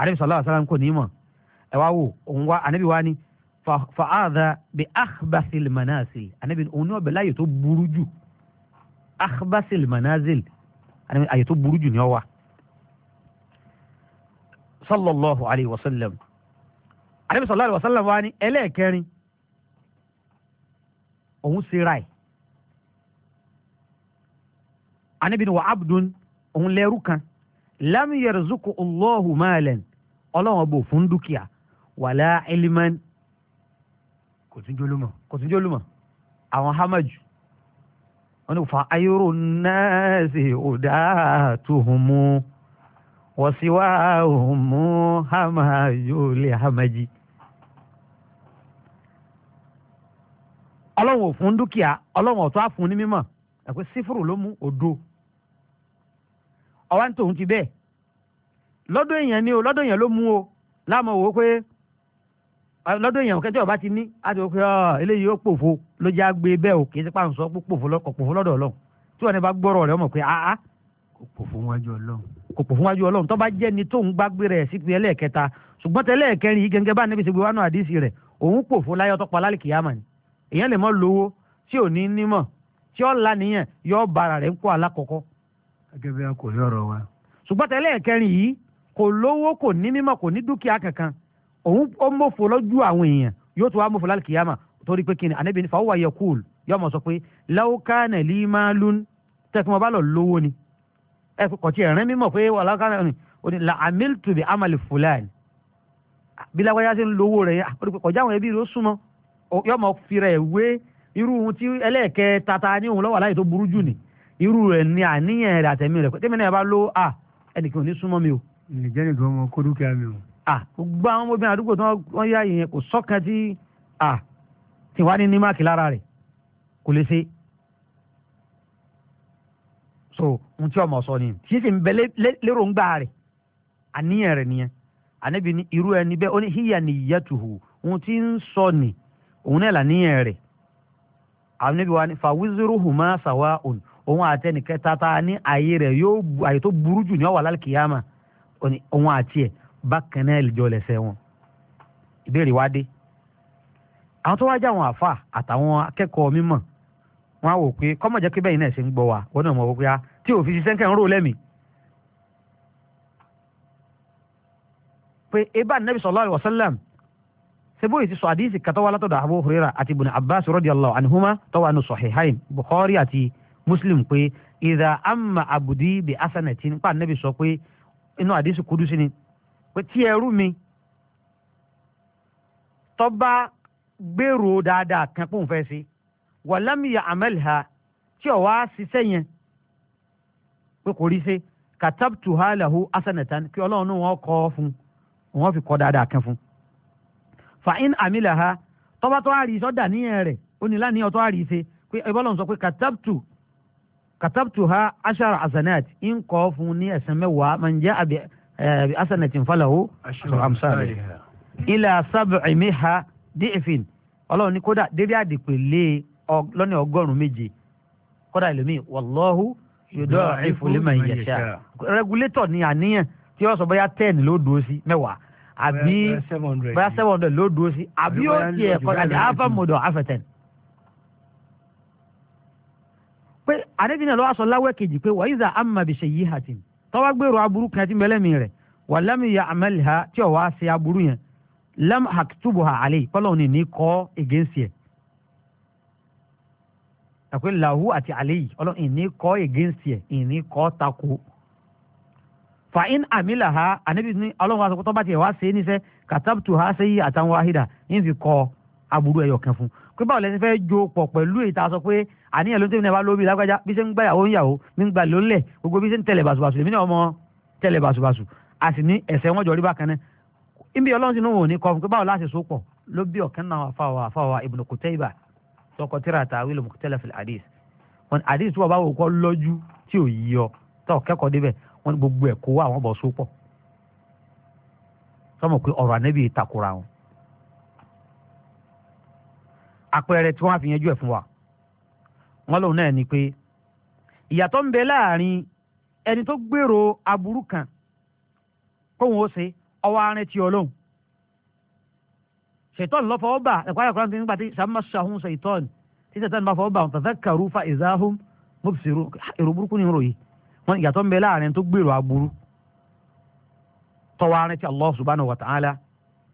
àríwí sallallahu alaihi wasallam ẹ wá wò òun wá ànábì wá ní fa'adha bi akhbasil manazil ànábì òun ní ọbẹ̀ láyè tó burú jù akhbasil manazil ànábì àyè tó burú jù ní ọwà sallallahu alayhi wa sallam ànábì sallallahu alayhi wa sallam wá ní ẹlẹ́ẹ̀kẹrin òun ṣe ra ẹ̀ ànábì ni abdun òun lẹ́rú kan lam yarzuqu Allahu malan ọlọ́run ọba òfin dúkìá wàlá ilman kò tún jólúmọ̀ kò tún jólúmọ̀ àwọn hamaju wọn ni fa ayúrò náà sì tuhumu wọ́síwá òmù hamaju lè hamaji. ọlọ́run fún dúkìá ọlọ́run ọ̀tọ́ àfún ní mímọ̀ ẹ̀pẹ́ sífùrù ló mú tòun ti bẹ́ẹ̀ lọ́dọ̀ èèyàn ni o ló mú o láàmú lọ́dọ̀ èèyàn kẹ́tẹ́ ọba ti ní àti òkè ọ eléyìí ó pòfo ló já gbé bẹ́ẹ̀ ò kì í sípà ń sọ pé pòfo lọ́kọ̀ pòfo lọ́dọ̀ ọlọ́run tí wọn bá gbọ́rọ̀ rẹ̀ ọmọ pé áá ah, ah, kò pòfo wájú ọlọ́run kò pòfo wájú ọlọ́run tó bá jẹ́ ni tóun gbàgbé rẹ̀ sípè ẹlẹ́ẹ̀kẹta ṣùgbọ́n tẹ́lẹ̀ kẹrin yìí gẹ́gẹ́ bá níbi ṣègbè wánú àdìsí rẹ̀ òun pòfo láyọ̀ ni èèyàn lè mọ́ lówó tí ò ní nímọ̀ tí ó la nìyẹn yọ bara rẹ̀ ń kó alákọ̀ọ́kọ́. gẹ́gẹ́ òun ó mòfò lójú àwọn èèyàn yóò tún wá mòfò lálùkìyàmà torí pé kíni ànábì ní fàáwà yẹ kúl yóò mọ̀ sọ pé láwùká nàlí máa lún tẹ́kùn ọba lọ lówó ni ẹ kọ̀ tí ẹ̀rín mímọ̀ pé wà láwùká nàlí òní la amil tu bi amali fulani bí lágbájá ti ń lówó rẹ̀ yá kọjá àwọn ẹbí rẹ̀ ó súnmọ́ yóò mọ̀ fira ẹ̀ wé irú ohun tí ẹlẹ́ẹ̀kẹ́ tata ní òun lọ́wọ́ aláyè tó burú jù ni irú rẹ̀ ni àníyàn rẹ̀ àtẹ̀mí rẹ̀ tẹ́mi náà bá ló à ẹnìkan ò ní súnmọ́ mi o. ǹjẹ́ nìkan ọmọ kó dúkìá mi o à gbogbo àwọn ọmọbìnrin àdúgbò tí wọ́n yá yìnyín kò sọ́kàn tí à ní ní máàkì lára rẹ̀ kò lè ṣe. so ohun tí ọmọ sọ nìyẹn tí sì ń bẹ lérògbà rẹ̀ àníyàn rẹ̀ nìyẹn ànábì ní irú ẹni bẹ́ẹ̀ ó ní híyà niyatuhu ohun tí ń sọ nì òun náà làníyàn rẹ̀ ànábì wa ní fawiziruhuma sawa'un òun àtẹnìkẹta ta ní ààyè rẹ̀ yóò ààyè tó burú jù ní ọ̀wà lálẹ́ kìyàmà òun àti ẹ̀ bákan náà lè jọ lẹ́sẹ̀ wọn ìbéèrè wá dé àwọn tó wá jẹ́ àwọn àfa àtàwọn akẹ́kọ̀ọ́ mímọ̀ wọn á wò pé kọ́mọ̀ jẹ́ pé bẹ́yìn náà ṣe ń gbọ́ wa wọn náà mọ̀ wọ́n pé a ah, tí òfin ṣiṣẹ́ kẹ́ rò lẹ́mìí pé eba nabi sallallahu alaihi wasallam sebo iti sọ àdíìsì kàtọ́ wa látọ̀dọ̀ Abu Hurairah àti ibn Abbas radiyallahu anhuma tọ́wọ́ àánú sahihain Bukhari àti Muslim pé idha amma abudi bi asanatin pa nabi sọ pé inú àdíìsì kudusi ni pé tí ẹrú mi tó bá gbèrò dáadáa kan pòun fẹ́ sí wàlámìyà amẹ́lìhà tí ò wá ṣiṣẹ́ yẹn pé kò rí ṣe katabtu halahu asanatan kí ọlọ́run náà wọ́n kọ́ fún wọ́n fi kọ́ dáadáa kan fún fa in amilaha tọ́ba tó a rí sọ́dà níyẹn rẹ̀ ó ní láníyàn ṣe pé ìbọ́lọ̀ sọ pé katabtu katabtu ha ashara asanat ń kọ́ fún ní ẹ̀sán mẹ́wàá man jaa bi asanatin falahu amsari ila sab'i miha di'fin ọlọ́run ní kódà débi àdìpẹ̀lẹ́ lọ́nà ọgọ́rùn-ún méje kódà ẹlòmíì wallahu yudaifu liman yasha rẹgulétọ̀ ni àníyàn tí wọ́n sọ bóyá ten ló dúró sí mẹ́wàá àbí bóyá seven hundred ló dúró sí àbí ó tiẹ̀ kọ́dà ní alpha mọ̀dọ̀ afẹ́tẹ̀n. pé àdébìnrin lọ́wọ́ sọ láwẹ́ kejì pé wa iza amma bi sayyihatin tọ́wá gbèrò aburú kan ti mẹlẹ́mì rẹ̀ wà lámì ya amẹ́lìhà tí ò wá ṣe aburú yẹn lam haktubu ha alẹ́ kọ́lọ́ ní ní kọ́ against yẹ àpè làwù àti alẹ́ yìí ọlọ́ ìní kọ́ against yẹ ìní kọ́ tako fa in amila ha anabi ni ọlọ́run aṣọ kọ́tọ́ bá tiẹ̀ wá ṣe é níṣẹ́ katabtu ha ṣe àtàwọn ahida ń fi kọ́ aburú ẹ̀yọ̀ kan fún pé báwo lẹ́sẹ̀ fẹ́ jo pọ̀ pẹ̀lú èyí tá a sọ pé àníyàn ló ń tẹ́lẹ̀ náà bá lóbi lágbájá bí ṣe ń gbàyàwó ń yàwó mi ń gbà ló ń lẹ̀ gbogbo bí ṣe ń tẹ̀lẹ̀ bàṣubàṣu èmi náà mọ tẹ̀lẹ̀ bàṣubàṣu a sì ní ẹ̀sẹ̀ wọn jọ rí bákan náà ibi ọlọ́run sì ní òun ò ní kọ fún pé báwo láti so pọ̀ ló bí ọ̀kan náà àfàwà àfàwà Ibn Qutayba tọkọ tíra tàwí àpẹẹrẹ tí wọ́n fi yanjú ẹ̀ fún wa wọ́n lòun náà ni pé ìyàtọ̀ ń bẹ láàrin ẹni tó gbèrò aburú kan kóun ó ṣe ọwọ́ arìn tí ọlọ́run ṣètọ́n lọ́fọ̀ ọba ẹ̀kọ́ ayọ̀kọ́ ní nígbà tí sàmúmá ṣàhún ṣètọ́n tí ṣètọ́n bá fọ ọba àwọn tẹ̀sẹ̀ kàrú fa ìzáhùn mọ́bìsirú èrò burúkú ni ròyìn wọn ìyàtọ̀ ń bẹ láàrin tó gbèrò aburú tọwọ́ arìn tí Allah subhanahu wa ta'ala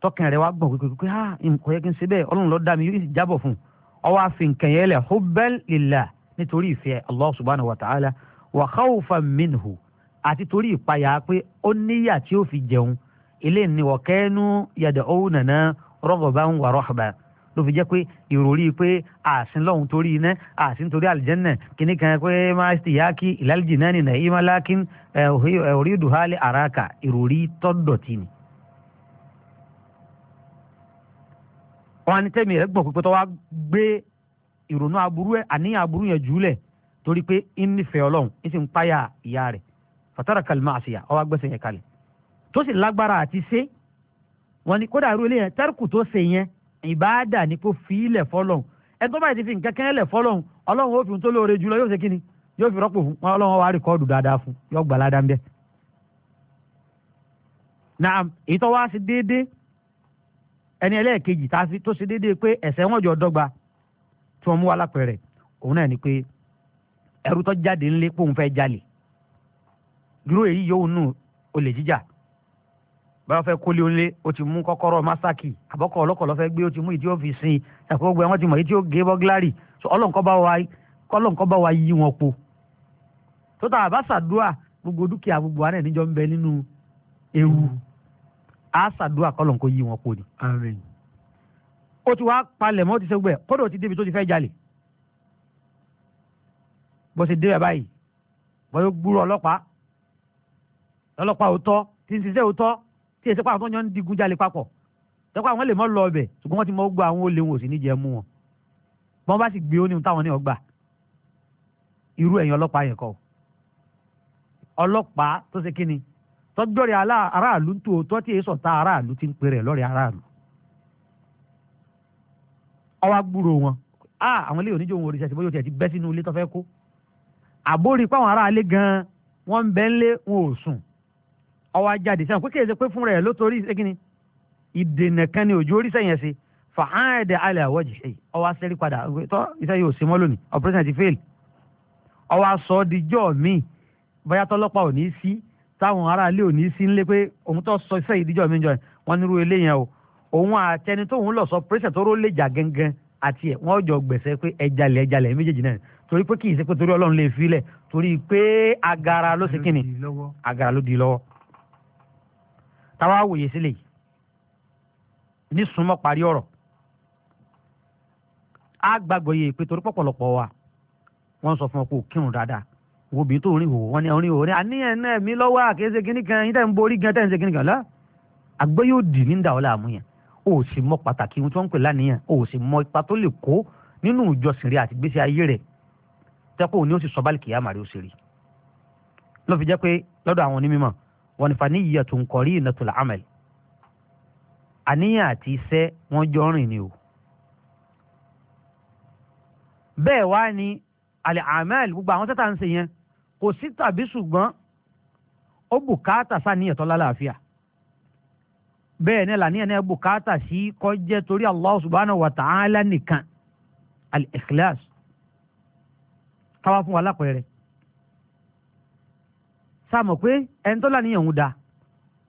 tọkàn rẹ wa gbọ̀n pípé pé ah nǹkan yẹ kí n ṣe bẹ́ẹ̀ ọlọ́run ló dá mi yóò sì jábọ̀ fún un ọwọ́ àfin kẹ̀yẹ́ lẹ̀ hubbal lillah nítorí ìfẹ́ allah subhanahu wa ta'ala wa khawfan minhu àti torí ìpayà pé ó níyà tí ó fi jẹun ilé ni wa kanu yad'unana raghaban wa rahban ló fi jẹ́ pé ìròrí pé àsìn lọ́hùn torí iná àsìn torí àlìjẹ́nà kìíní kan pé máa ti yá kí ìlàlìjì náà nìyí máa lákín orí ìdùhálẹ̀ àràkà ìròrí tọ́dọ̀tì ni. wọn ní tẹ́mi rẹ̀ gbọ̀n pípẹ́ tó wá gbé ìrònú aburú ẹ̀ àníyàn aburú yẹn jùlẹ̀ torí pé ń nífẹ̀ẹ́ ọlọ́run ń páyà ìyá rẹ̀ fatara kalima àṣeyà ọwọ́ agbẹ́sẹ̀ yẹn kalẹ̀ tó sì lágbára àti ṣe wọn ni kódà irú yẹn tẹ́rùkù tó ṣe yẹn ìbáàdà ni kó fi ilẹ̀ fọlọ́run ẹni tó báyìí ti fi nǹkan kẹ́kẹ́ lẹ̀ fọlọ́run ọlọ́run ó fi ohun tó lóore jùlọ yóò ṣe kíni yóò fi rọ́pò fún wọn ọlọ́run wá rìkọ́ọ̀dù dáadáa fún yóò gbà ládàá ń bẹ́ẹ̀. naam èyí sí déédéé ẹni ẹlẹ́ẹ̀kejì tó ṣe déédéé pé ẹ̀sẹ̀ wọn jọ dọ́gba tí wọ́n mú wa lápẹ̀rẹ̀ òun náà ni pé ẹrú tó jáde ńlé pòun fẹ́ jalè dúró èyí yòówù nù olè jíjà báwo fẹ́ kólé ńlé o ti mú kọ́kọ́rọ́ masaki àbọ̀kọ́ ọlọ́kọ̀ lọ́fẹ́ gbé o ti mú ìdí ọ́fíìsì ẹ̀kọ́ gbẹ wọ́n ti mọ̀ èyí tí ó gé bọ́gílárì ọlọ́nkọ́ bá wa yí wọn po tó tà àbá ṣàdúrà gbogbo dúkìá gbogbo wa náà ń bẹ nínú ewu. Mm -hmm a ṣàdúrà kọlọ̀ kó yí wọn kó ni. àmín. ó ti wá palẹ̀ mọ́ ti sẹ́gbẹ̀ẹ́ kódà ó ti débi tó ti fẹ́ jalè. bó ṣe dé bàbá yìí bọ́yọ̀ gbúrò ọlọ́pàá ọlọ́pàá ò tọ́ tí ń ṣiṣẹ́ ò tọ́ tí èsì pàtó yẹn ń digun jalè papọ̀ tẹ́kọ̀ àwọn lè mọ́ lọ ọbẹ̀ ṣùgbọ́n wọ́n ti mọ́ gbọ́ àwọn olè wọn ò sì ní jẹ́ mú wọn bọ́n bá sì gbé ó táwọn ní ọgbà irú ẹ̀yin ọlọ́pàá yẹn kọ́ ọlọ́pàá tó ṣe kíni tọ́jọ́rẹ́ aráàlú ń tòótọ́ tí èso ta aráàlú ti ń pèrè lọ́rẹ̀ aráàlú. ọwọ́ gbúrò wọn a àwọn ilé oníjó wọn oríṣiríṣi bóyá o tiẹ̀ ti bẹ́ sínú ilé tó fẹ́ kó àbórí pàwọn aráàlú gan-an wọ́n ń bẹ́ ń lé wọn ò sùn ọwọ́ ajáde sẹ́wọ̀n pé kéèyàn ṣe pé fúnra ẹ̀ ló torí ṣégin ni ìdènà kan ni òjò orí sẹ́yìn ẹ̀sìn fàáyẹ̀dẹ̀ alẹ́ àwọ̀jì ṣẹ́yìn ọwọ́ asẹ́rí padà tọ́ iṣẹ́ yóò ṣe mọ́ lónìí operation ti fail táwọn aráalé ò ní í sí ń lé pé òun tó sọ iṣẹ́ ìdíjọ́ mi jọ wọn nírú eléyẹn o òun àtẹni tóun lọ sọ pírẹsẹ̀ tó ró lè jà gẹ́ngẹ́n àti ẹ̀ wọ́n jọ gbẹ̀sẹ̀ pé ẹjalẹ̀ ẹjalẹ̀ méjèèjì náà torí pé kì í ṣe pé torí ọlọ́run lè filẹ̀ torí pé agara ló ṣe kíni agara ló di lọ́wọ́ táwa wòye sílẹ̀ yìí ní súnmọ́ parí ọ̀rọ̀ á gbàgbọ́ yẹ pé torí pọ̀pọ̀lọpọ̀ wa wọ́n sọ fún ọ pé kírun dáadáa wo obìnrin tó rìn òwò wọn ni orin òwò ni àníyàn náà mi lọ́wọ́ àkéésè kínní kan yín tẹ̀ ń borí gan tẹ̀ ń ṣe kínní kan lọ. àgbẹ̀ yóò dì ní dàwọ́ làmú yẹn o ò sì mọ pàtàkì ohun tí wọ́n ń pè lánìyàn o ò sì mọ ipa tó lè kó nínú ìjọsìn rẹ àti gbèsè ayé rẹ tẹ́kọ̀ òní ó sì sọ báàlì kìyàmà rẹ ó sì rí. ló fi jẹ́ pé lọ́dọ̀ àwọn onímọ̀ wọn nífa ní ìyẹ̀tù nkọ̀rí ìnàtòlá amẹ̀l àníyàn àti wá ni àlẹ́ àmẹ́ẹ̀lì gbogbo àwọn tẹ́tà ń ṣe yẹn kò sí tàbí ṣùgbọ́n ó bùkátà sáníyàn tó lálàáfíà bẹ́ẹ̀ náà làníyàn náà bùkátà sí kó jẹ́ torí Allah subhanahu wa ta'ala nìkan al-ikhlas káwá fún wa lápẹẹrẹ sáàmù pé ẹni tó làníyàn ń da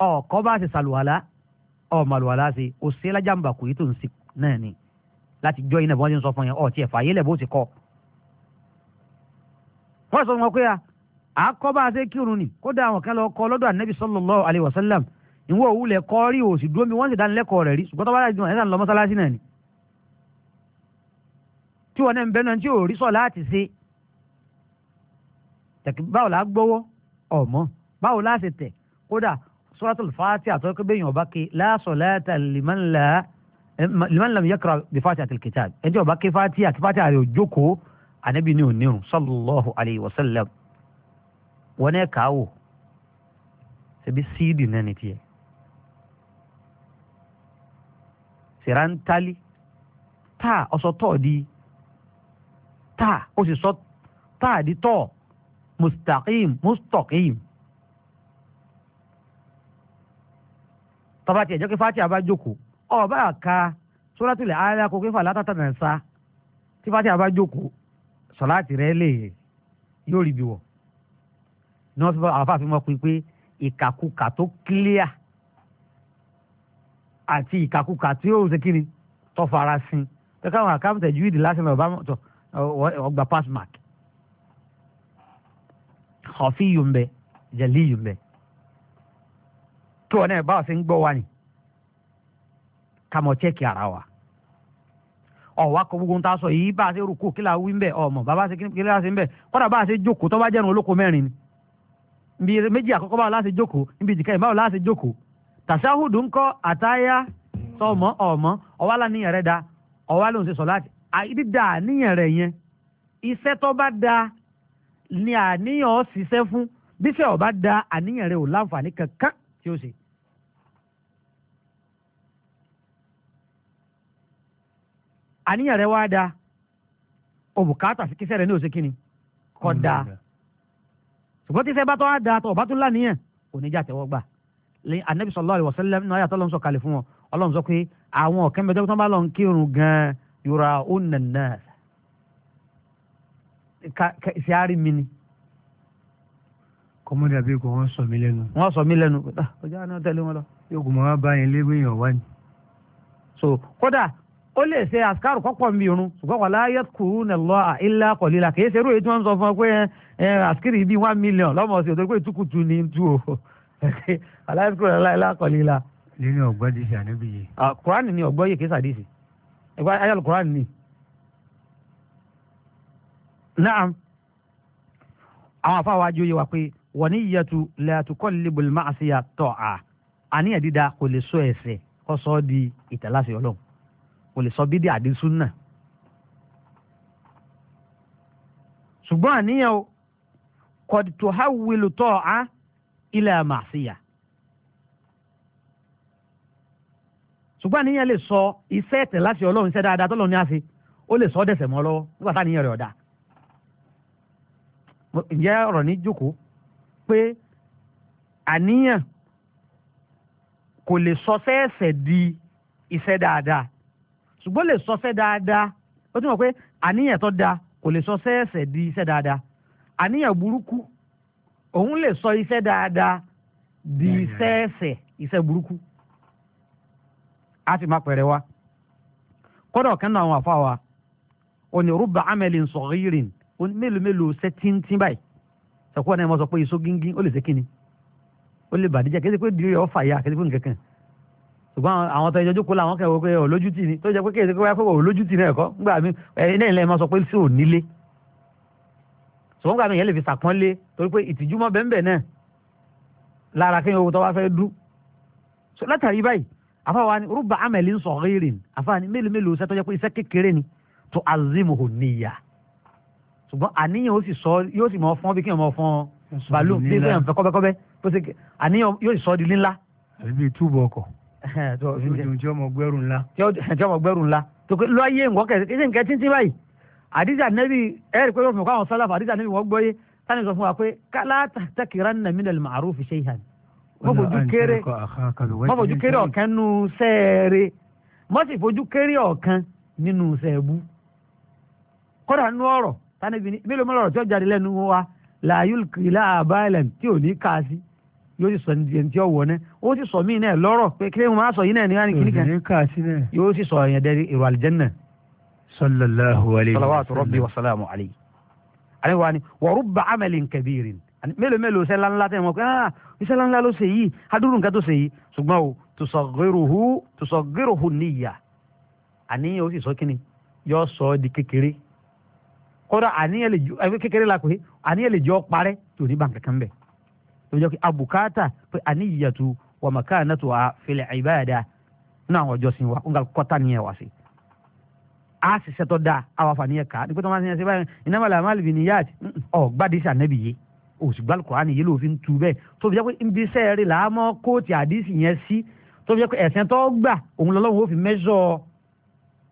ọ̀kọ́ bá ti sàlùwàlá ọ̀màlùwàlá ṣe òṣèlájàmbá kò yí tó ń sìn náà ni láti jọ iná bí wọ́n ti ń sọ fún yẹn ọ̀ tiẹ̀ fàyẹ́lẹ̀ bó ti kọ́ ọ wọ́n sọ wọn pé a àkọ́ bá a ṣe kírun ni kódà àwọn kan lọ kọ́ lọ́dọ̀ ànábì sallallahu alaihi wasallam ìwọ òwúlẹ̀ kọ́ rí òsì dúró mi wọ́n sì dánilẹ́kọ̀ọ́ rẹ̀ rí ṣùgbọ́n tó bá dà jùmọ̀ ẹ̀sán lọ mọ́sálásí náà ni tí wọn náà ń bẹ náà tí ò rí sọ láti ṣe tẹ̀kí báwo la gbọ́wọ́ ọ̀mọ́ báwo la ṣe tẹ̀ kódà suratul fatiha àtọ́kọ́ bẹ́yìn ọba ké la salata liman la eh, liman lam yakra bi fatihatil kitab ẹjọ́ ọba ké fatiha àti fatiha àrẹ òjókòó anabi ní onírun sallallahu alayhi wa sallam wọn ẹ kàá wò ṣebí síìdì náà ni tiẹ̀ sèrantali táà ọsọ tọ́ọ̀ di táà ó sì sọ táà di tọ́ọ̀ mustaqim mustaqim tọ́ba tiẹ̀ jẹ́ kí fati abájókòó ọba àka sóràtúlẹ̀ ayé akókè fà látàtà nà ń sa tí fati abájókòó sọláàtì rẹ lè yóò rí bí wọ ní wọn fi bá àwọn àfihàn pin pé ìkàkùkà tó clear àti ìkàkùkà tí ó ṣe kíni tó fara sin pé káwọn àkáǹtẹ̀ ju ìdí lásìkò ọba tó ọgbà pass mark ọ̀fí yìí ń bẹ jẹ̀lí yìí ń bẹ tó ọ̀nà ẹ̀ báwọn ṣe ń gbọ́ wa ni kàmọ́ ara wa ọ̀wá kọ gbogbo ń ta sọ yìí bá a ṣe rúkú kí la wí ń bẹ̀ ọmọ bàbá ṣe kí la ṣe ń bẹ̀ kọ́dà bá a ṣe jókòó tó bá jẹ́nu olóko mẹ́rin ni ibi méjì àkọ́kọ́ báwo la ṣe jókòó ibi ìjìká yìí báwo jókòó tàṣáhùdù ńkọ́ àtáyá sọmọ ọmọ ọwá láníyàn rẹ da ọwá ló ń ṣe sọ láti dídá àníyàn rẹ yẹn iṣẹ́ tó bá da ni àníyàn ṣiṣẹ́ fún bíṣẹ́ ọ̀ bá da àníyàn rẹ ò láǹfààní kankan tí ó ṣe àníyàn rẹ wá da òbùkátà sí kíṣẹ́ rẹ ní òsè kínni kọ́ da ṣùgbọ́n tíṣẹ́ bá tó wá da tó ọba tó láníyàn oníjà tẹ́wọ́ gbà lẹ́yìn anabi sallallahu alaihi wasallam náà yàtọ̀ lọ́n sọ kalẹ̀ fún wọn ọlọ́run sọ pé àwọn ọ̀kẹ́ mẹ́tọ́ tó ń bá lọ ń kírun gan-an yorùbá ó nà náà ṣe á rí mi ni. kọ́mọ́dé àbí wọ́n sọ mí lẹ́nu. wọ́n sọ mí lẹ́nu ah, ọjà náà tẹ̀lé wọn lọ. yóò kò mọ̀ wá bá yẹn léwé so kódà ó lè ṣe àṣkárù kọ́pọ̀ mi irun ṣùgbọ́n wàlá yẹ́kùrú nà lọ àìlá kọ̀lélà kì í ṣerú èyí tí wọ́n ń sọ fún ọ pé àṣkírì bíi one million lọ́mọ sí òtò pé ìtukùtù ni tú o wàlá yẹ́kùrú nà lọ àìlá kọ̀lélà. nínú ọgbọ́n di sànẹ́bí yìí. kùránì ni ọgbọ́n yìí kì í sàdísì ẹgbẹ́ ayélu kùránì ni. naam àwọn afáwa ajóye wa pé wọ́n ní yẹtu lẹ́yàtukọ́ libul máa ṣe yàtọ̀ à àníyàn dídá kò lè sọ ẹ̀ṣẹ̀ kó kò lè sọ bídí àdí súnà ṣùgbọ́n àníyàn o kọ̀dì tó há wílù tọ́ a ilẹ̀ màṣíyà ṣùgbọ́n àníyàn lè sọ iṣẹ́ ẹ̀tẹ̀ láti ọlọ́run iṣẹ́ dáadáa tọ́lọ́run ní àṣẹ ó lè sọ ọ́ dẹ̀sẹ̀ mọ́ lọ́wọ́ nígbà táníyàn rẹ̀ ọ̀dà ǹjẹ́ ọ̀rọ̀ ní jókòó pé àníyàn kò lè sọ sẹ́ẹ̀sẹ̀ di iṣẹ́ dáadáa ṣùgbọ́n lè sọ fẹ́ dáadáa ó ti mọ̀ pé àníyàn tó da kò lè sọ sẹ́ẹ̀sẹ̀ di iṣẹ́ dáadáa àníyàn burúkú òun lè sọ iṣẹ́ dáadáa di sẹ́ẹ̀sẹ̀ iṣẹ́ burúkú a ti máa pẹ̀rẹ̀ wa kódà ọ̀kan náà àwọn àfa wa ò ní rúbà amẹ́lì sọ̀rìrìn mélòó mélòó ṣe tíntín báyìí ṣàkóso náà mo sọ pé iṣó gíngín ó lè ṣe kíni ó lè bàdíjà kí ẹ ti pé dìrì ọ̀ fàyà kí ẹ ti pé nǹkan kan ṣùgbọ́n àwọn tó ń jọjú kó làwọn kẹwọ́ pé olójútì ni tó jẹ́ pé kéde pé wọ́n olójútì náà ẹ̀kọ́ nígbà mí ẹ̀yin náà ilẹ̀ máa sọ pé sí ò nílé ṣùgbọ́n nígbà mí yẹn lè fi sàpọ́nlé torí pé ìtìjú mọ́ bẹ́ẹ̀ náà lára kéèyàn owó tó wá fẹ́ dú látàrí báyìí àfáwa ni rúbà amẹ̀lí ń sọ̀rọ̀ èrè ni àfáwa ni mélòó mélòó iṣẹ́ tó jẹ́ pé iṣẹ́ kékeré ni tó azimuhu níyà ṣùgbọ́n àníyàn tí ọmọ gbẹrù ńlá. tí ọmọ gbẹrù ńlá tó pé lọ́yé nǹkan kẹsì kí ni nǹkan títí báyìí àdìsí ànábì ẹ rí i pé wọ́n fún mi káwọn sálàfà àdìsí ànábì wọ́n gbọ́ yé tani sọ fún wa pé kálá takìrá nà mí nàlẹ́ màrú fi ṣe ìhà ni. má fojú kéré má fojú kéré ọ̀kan nù sẹ́ẹ̀rẹ́ má fojú kéré ọ̀kan nínú sẹ́ẹ̀bù. kódà nínú ọ̀rọ̀ tani bi mélòó mélòó tí ó jáde lẹ́nu wa làyùl kìlá àbáyẹlẹ̀ tí ò ní káàsì yóò sì sọ ẹni tí ó wọ náà ó sì sọ míì náà lọ́rọ̀ pé kí wọ́n máa sọ yìí náà níwájú kí nìkan yóò sì sọ ẹ̀yàn dẹ́rẹ́ èrò àlìjẹ́nà. sallallahu alayhi wa sallam salawatu rabbi wa salamu alayhi. àlẹ́ wa ni wa rubba amalin kabirin mélòó mélòó iṣẹ́ ńláńlá tẹ̀ wọ́n pé ah iṣẹ́ ńláńlá ló ṣe yìí adúrú nǹkan tó ṣe yìí ṣùgbọ́n o tusaghiruhu tusaghiruhu niyya àníyàn ó sì sọ kíni yóò sọ la pé àníyàn lè jọ parẹ́ tòní bàǹkà kan bẹ́ẹ̀ tó jẹ́ pé abùkátà pé àníyàtú wà màkánàtú à fìlẹ̀ ìbáyàdá nínú àwọn ọjọ́ sin wa ń ga kọ́tà nìyẹn wá sí a sì ṣètò da àwọn àfààní ẹ̀ ká nípa tó máa ń ṣe báyìí iná màlà máa lè níyà ọ gbádìí sí ànábì yìí òsì gbàlù kọ́ránì yìí lòfin tu bẹ́ẹ̀ tó fi jẹ́ pé ibi iṣẹ́ rẹ̀ là á mọ́ kóòtù àdìsí yẹn sí tó fi jẹ́ pé ẹ̀sẹ̀ tó gbà òun lọ́lọ́run ó fi mẹ́sọ̀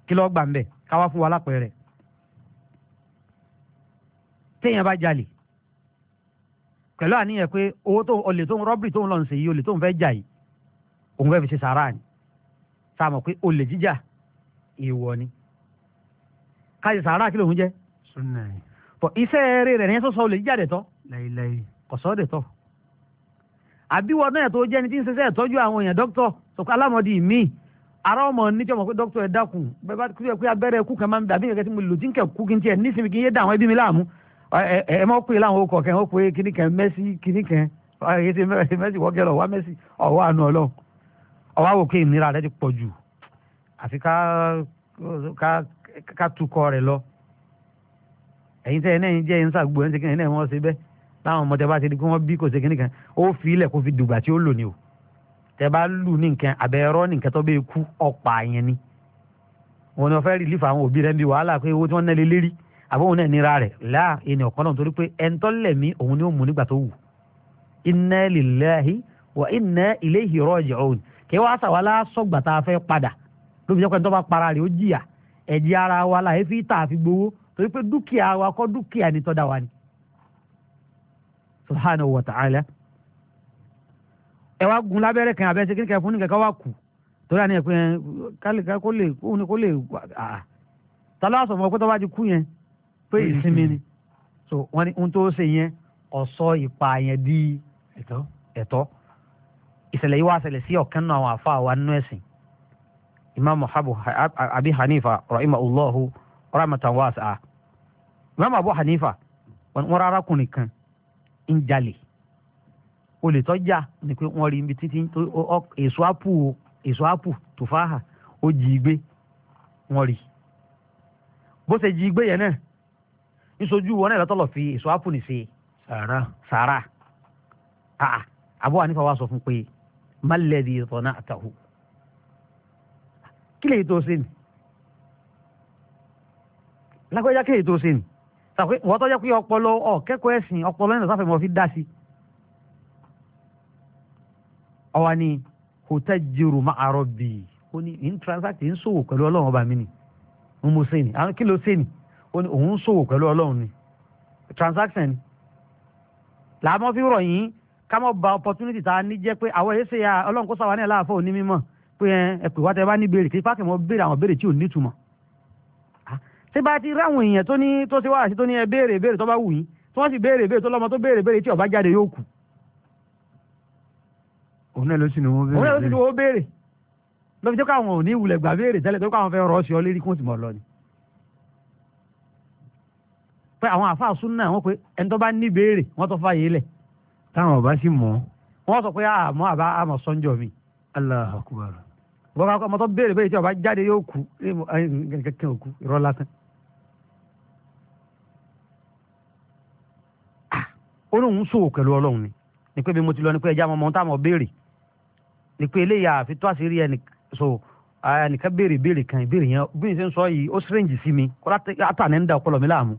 kí lọ́ọ́ gbà ń bẹ̀ káwá fún wa lápẹ̀rẹ̀ téèyàn bá jalè pẹ̀lú àníyàn pé owó tó olè tó ń rọ́bìrì tó ń lọ sí yìí olè tó ń fẹ́ jà yìí òun fẹ́ fi ṣe sàárà ni sáà mọ̀ pé olè jíjà èèwọ̀ ni ká ṣe sàárà kí lòun jẹ́ tọ iṣẹ́ eré rẹ̀ ní sọ́sọ́ olè jíjà dẹ̀ tọ́ kọ̀sọ́ dẹ̀ tọ́ àbíwọ̀ náà tó jẹ́ ni tí ń ṣiṣẹ́ ìtọ́jú àwọn èèyàn dókítọ̀ sọ̀kọ́ alámọ̀dì míì ara ọmọ níjọ́ mọ̀ pé dókítọ̀ ẹ̀ dákun bẹ́ẹ̀ bá kúrò pé abẹ́rẹ́ kú kan máa ń bẹ àbí kẹ̀kẹ́ tí mo lò tí ń kẹ̀ kú kí n tiẹ̀ nísìnyí kí n yé dá àwọn ẹbí mi láàmú ẹ mọ̀ pé láwọn okọ̀ kan ó pé kíní kan mẹ́sì kíní kan ẹ ṣe mẹ́sì wọ́gẹ́ lọ wá mẹ́sì ọ̀wọ́ àánú ọlọ́run ọ̀wọ́ àwòké ìnira rẹ ti pọ̀ jù àfi ká ká ká tukọ̀ rẹ̀ lọ ẹ̀yin tẹ́ ẹ náà jẹ́ ẹ̀ ń sàgbó ẹ̀ ń sèkínì ẹ̀ náà wọ́n ṣe bẹ́ẹ̀ láwọn ọmọ tẹ bá ṣe ni kí wọ́n bí kò sèkínì kan ó fi ilẹ̀ kó fi dùgbà tí ó lò ní o tẹ bá lù ní nǹkan àbẹ̀rọ ní nǹkan tó bẹ́ẹ̀ kú ọ̀pá yẹn ni wọn ni wọn fẹ́ rìlífà àwọn òbí rẹ ń bi wàhálà pé owó tí wọ́n ná lé lérí àbóhun náà nira rẹ̀ láà ẹni ọ̀kan náà torí pé ẹ̀ńtọ́ lẹ̀mí òun ni ó mú nígbà tó wù inna lillahi wa inna ilayhi raji'un kí wọ́n àṣà wa lásọ̀gbà tá a fẹ́ padà lóbi jẹ́ pé ẹ̀ńtọ́ bá para rẹ̀ ó jìyà ẹ̀jẹ̀ ara wa láì fi tà àfi gbowó torí pé dúkìá wa kọ́ dúkìá ni tọ́da wa ni subhanahu wa ta'ala ẹ wá gun lábẹ́rẹ́ kan abẹ́sẹ̀ tọ́lá sọ̀rọ̀ pé tó ti kú yẹn pé ìsinmi ni so wọ́n ní ohun tó ṣe yẹn ọ̀sọ́ di ẹ̀tọ́ ìṣẹ̀lẹ̀ yìí wá si sí ọ̀kan náà àwọn àfa àwa nínú ẹ̀sìn imam abu abi hanifa rahimahullahu rahmatan imam abu hanifa wọn rárá kùnrin kan ń jalè olè ni pé wọ́n rí ibi títí èso apu èso esu apu ó jí i gbé rí bó ṣe jí i yẹn níṣojú wọn náà lọ́tọ̀ lọ fi èso ápù ní ṣe. sàrà. sàrà àà àbọ̀ ànífà wa sọ fún pé málẹ̀dì ìtọ̀nà àtàwù kí lè tó ṣe ni lágbájá kí lè tó ṣe wọ́n tọ́jà pé ọpọlọ ọ̀kẹ́kọ̀ọ́ ẹ̀sìn ọpọlọ ẹ̀sìn sáfẹ́ mọ́ fi dá sí. ọwọ́ ni hòtẹ́ jèrò máa rọ bì ó ní ń transact ń ṣòwò pẹ̀lú ọlọ́run ọba mi ni mo ṣe ni kí ló ṣe ni ó ní òun ń pẹ̀lú ọlọ́run ni transaction ni làmọ́ fi rọ̀ yín ká mọ̀ ba opportunity tá a ní jẹ́ pé àwọn èsè ya ọlọ́run kó sàwọn ní aláàfọ̀ òní mímọ̀ pé ẹ pè wá tẹ bá ní béèrè kí fákì mọ́ béèrè àwọn béèrè tí ò ní ìtumọ̀ ṣé bá ti ráwọn èèyàn tó ní tó ṣe wáhà sí tó ní ẹ béèrè béèrè tó bá wù yín tí wọ́n sì béèrè béèrè tó lọ́mọ tó béèrè béèrè tí ó jáde yóò kù. òun náà ló sì ni wọ́n béèrè òun náà ló sì ni wọ́n béèrè lọ́fi káwọn ò ní ìwulẹ̀ gbà béèrè tẹ́lẹ̀ tó káwọn fẹ́ rọ́ sí lérí kí sì mọ̀ lọ ni pé àwọn àfa súnà wọn pé ẹni tó bá ní béèrè wọn tó fààyè lẹ̀. táwọn ọba sì mọ. wọn sọ pé ah, àmọ́ àbá àmọ́ sọ́njọ́ mi. Allahu Akbar. bọ́lá ọmọ tó béèrè béèrè tí ọba jáde yóò kú kẹ́kẹ́ òkú irọ́ lásán. Ah, ó lóun sòwò pẹ̀lú ọlọ́run ni ni pé bí mo ti lọ ni pé ẹja mọ̀mọ́ táwọn béèrè ni pé eléyà àfi tó àṣírí ẹnì so ẹnìkan béèrè béèrè kan ìbéèrè yẹn bí n ṣe ń sọ yìí ó sírèǹjì sí mi kó látà ní ń da ọpọlọ mi láàmú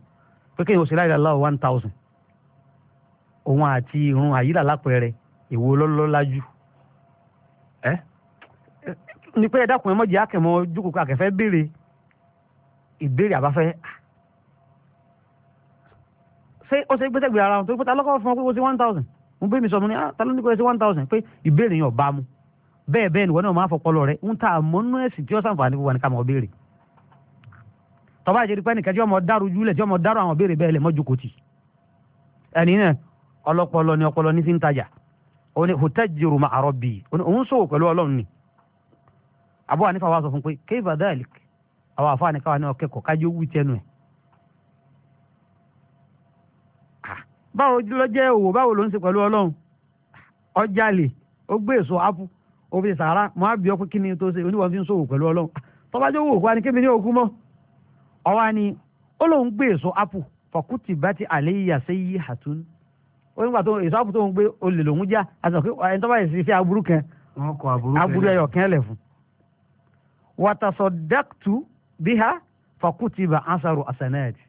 pé kéèyàn ó ṣe láìlá láwọ one thousand òun àti irun àyílà lápẹẹrẹ èwo lọ́lọ́lájú ẹ ni pé ẹ dákun ẹ mọ̀jẹ̀ akẹ́mọ́ jókòó akẹ́fẹ́ béèrè ìbéèrè àbáfẹ́ ṣé ó ṣe gbẹ́sẹ̀gbẹ́ ara wọn tó pẹ́ta lọ́kọ́ fún ọ pé ó ṣe one thousand mo bẹ́ẹ̀ mi sọ mo ní ah, tálọ́ ní kó ṣe one thousand pé ìbéèrè yẹn ò bá mu bẹ́ẹ̀ bẹ́ẹ̀ ni wọ́n náà máa fọpọlọ rẹ̀ ń ta àmọ́nú ẹ̀sìn tí ó sàǹfààní fún wa tọ́ba àti erípẹ́ nìkan tí ọmọ dárò júlẹ̀ tí ọmọ dárò àwọn béèrè bẹ́ẹ̀ lẹ̀ mọ́jú kò tì ẹni náà ọlọ́pọlọ ni ọpọlọ ní sí ń tajà òun ni hùtẹ́jìrù ma àrọ́ bì òun sòwò pẹ̀lú ọlọ́run ni Abu Hanifa wa sọ fún pé kéèfà dáàlì àwọn àfa ni káwa ní ọkẹ́kọ̀ọ́ kájú wú tẹnu ẹ̀ báwo ló jẹ́ òwò báwo ló ń ṣe pẹ̀lú ọlọ́run ọjà lè ó gbé èso ápù ó fi sàárà mọ́ àbí ọkùnkín ni tó ṣe oníwọ̀n fi ń sòwò pẹ̀lú ọlọ́run tọ́bajọ́ wò wá ní kébìnrin òkú mọ́ ọwọ́ ni ó gbé èso apu fọkùtì bá ti àléyà sẹ́yí àtún ó tó èso apu tóun gbé olè lòun já àti ẹni tó bá yẹ fi aburú kẹ aburú ẹyọ kan lẹ̀ fún. wàtàsọ̀dẹ́kùtù bíhá fọkùtì bá ansaru asanẹ́ẹ̀dì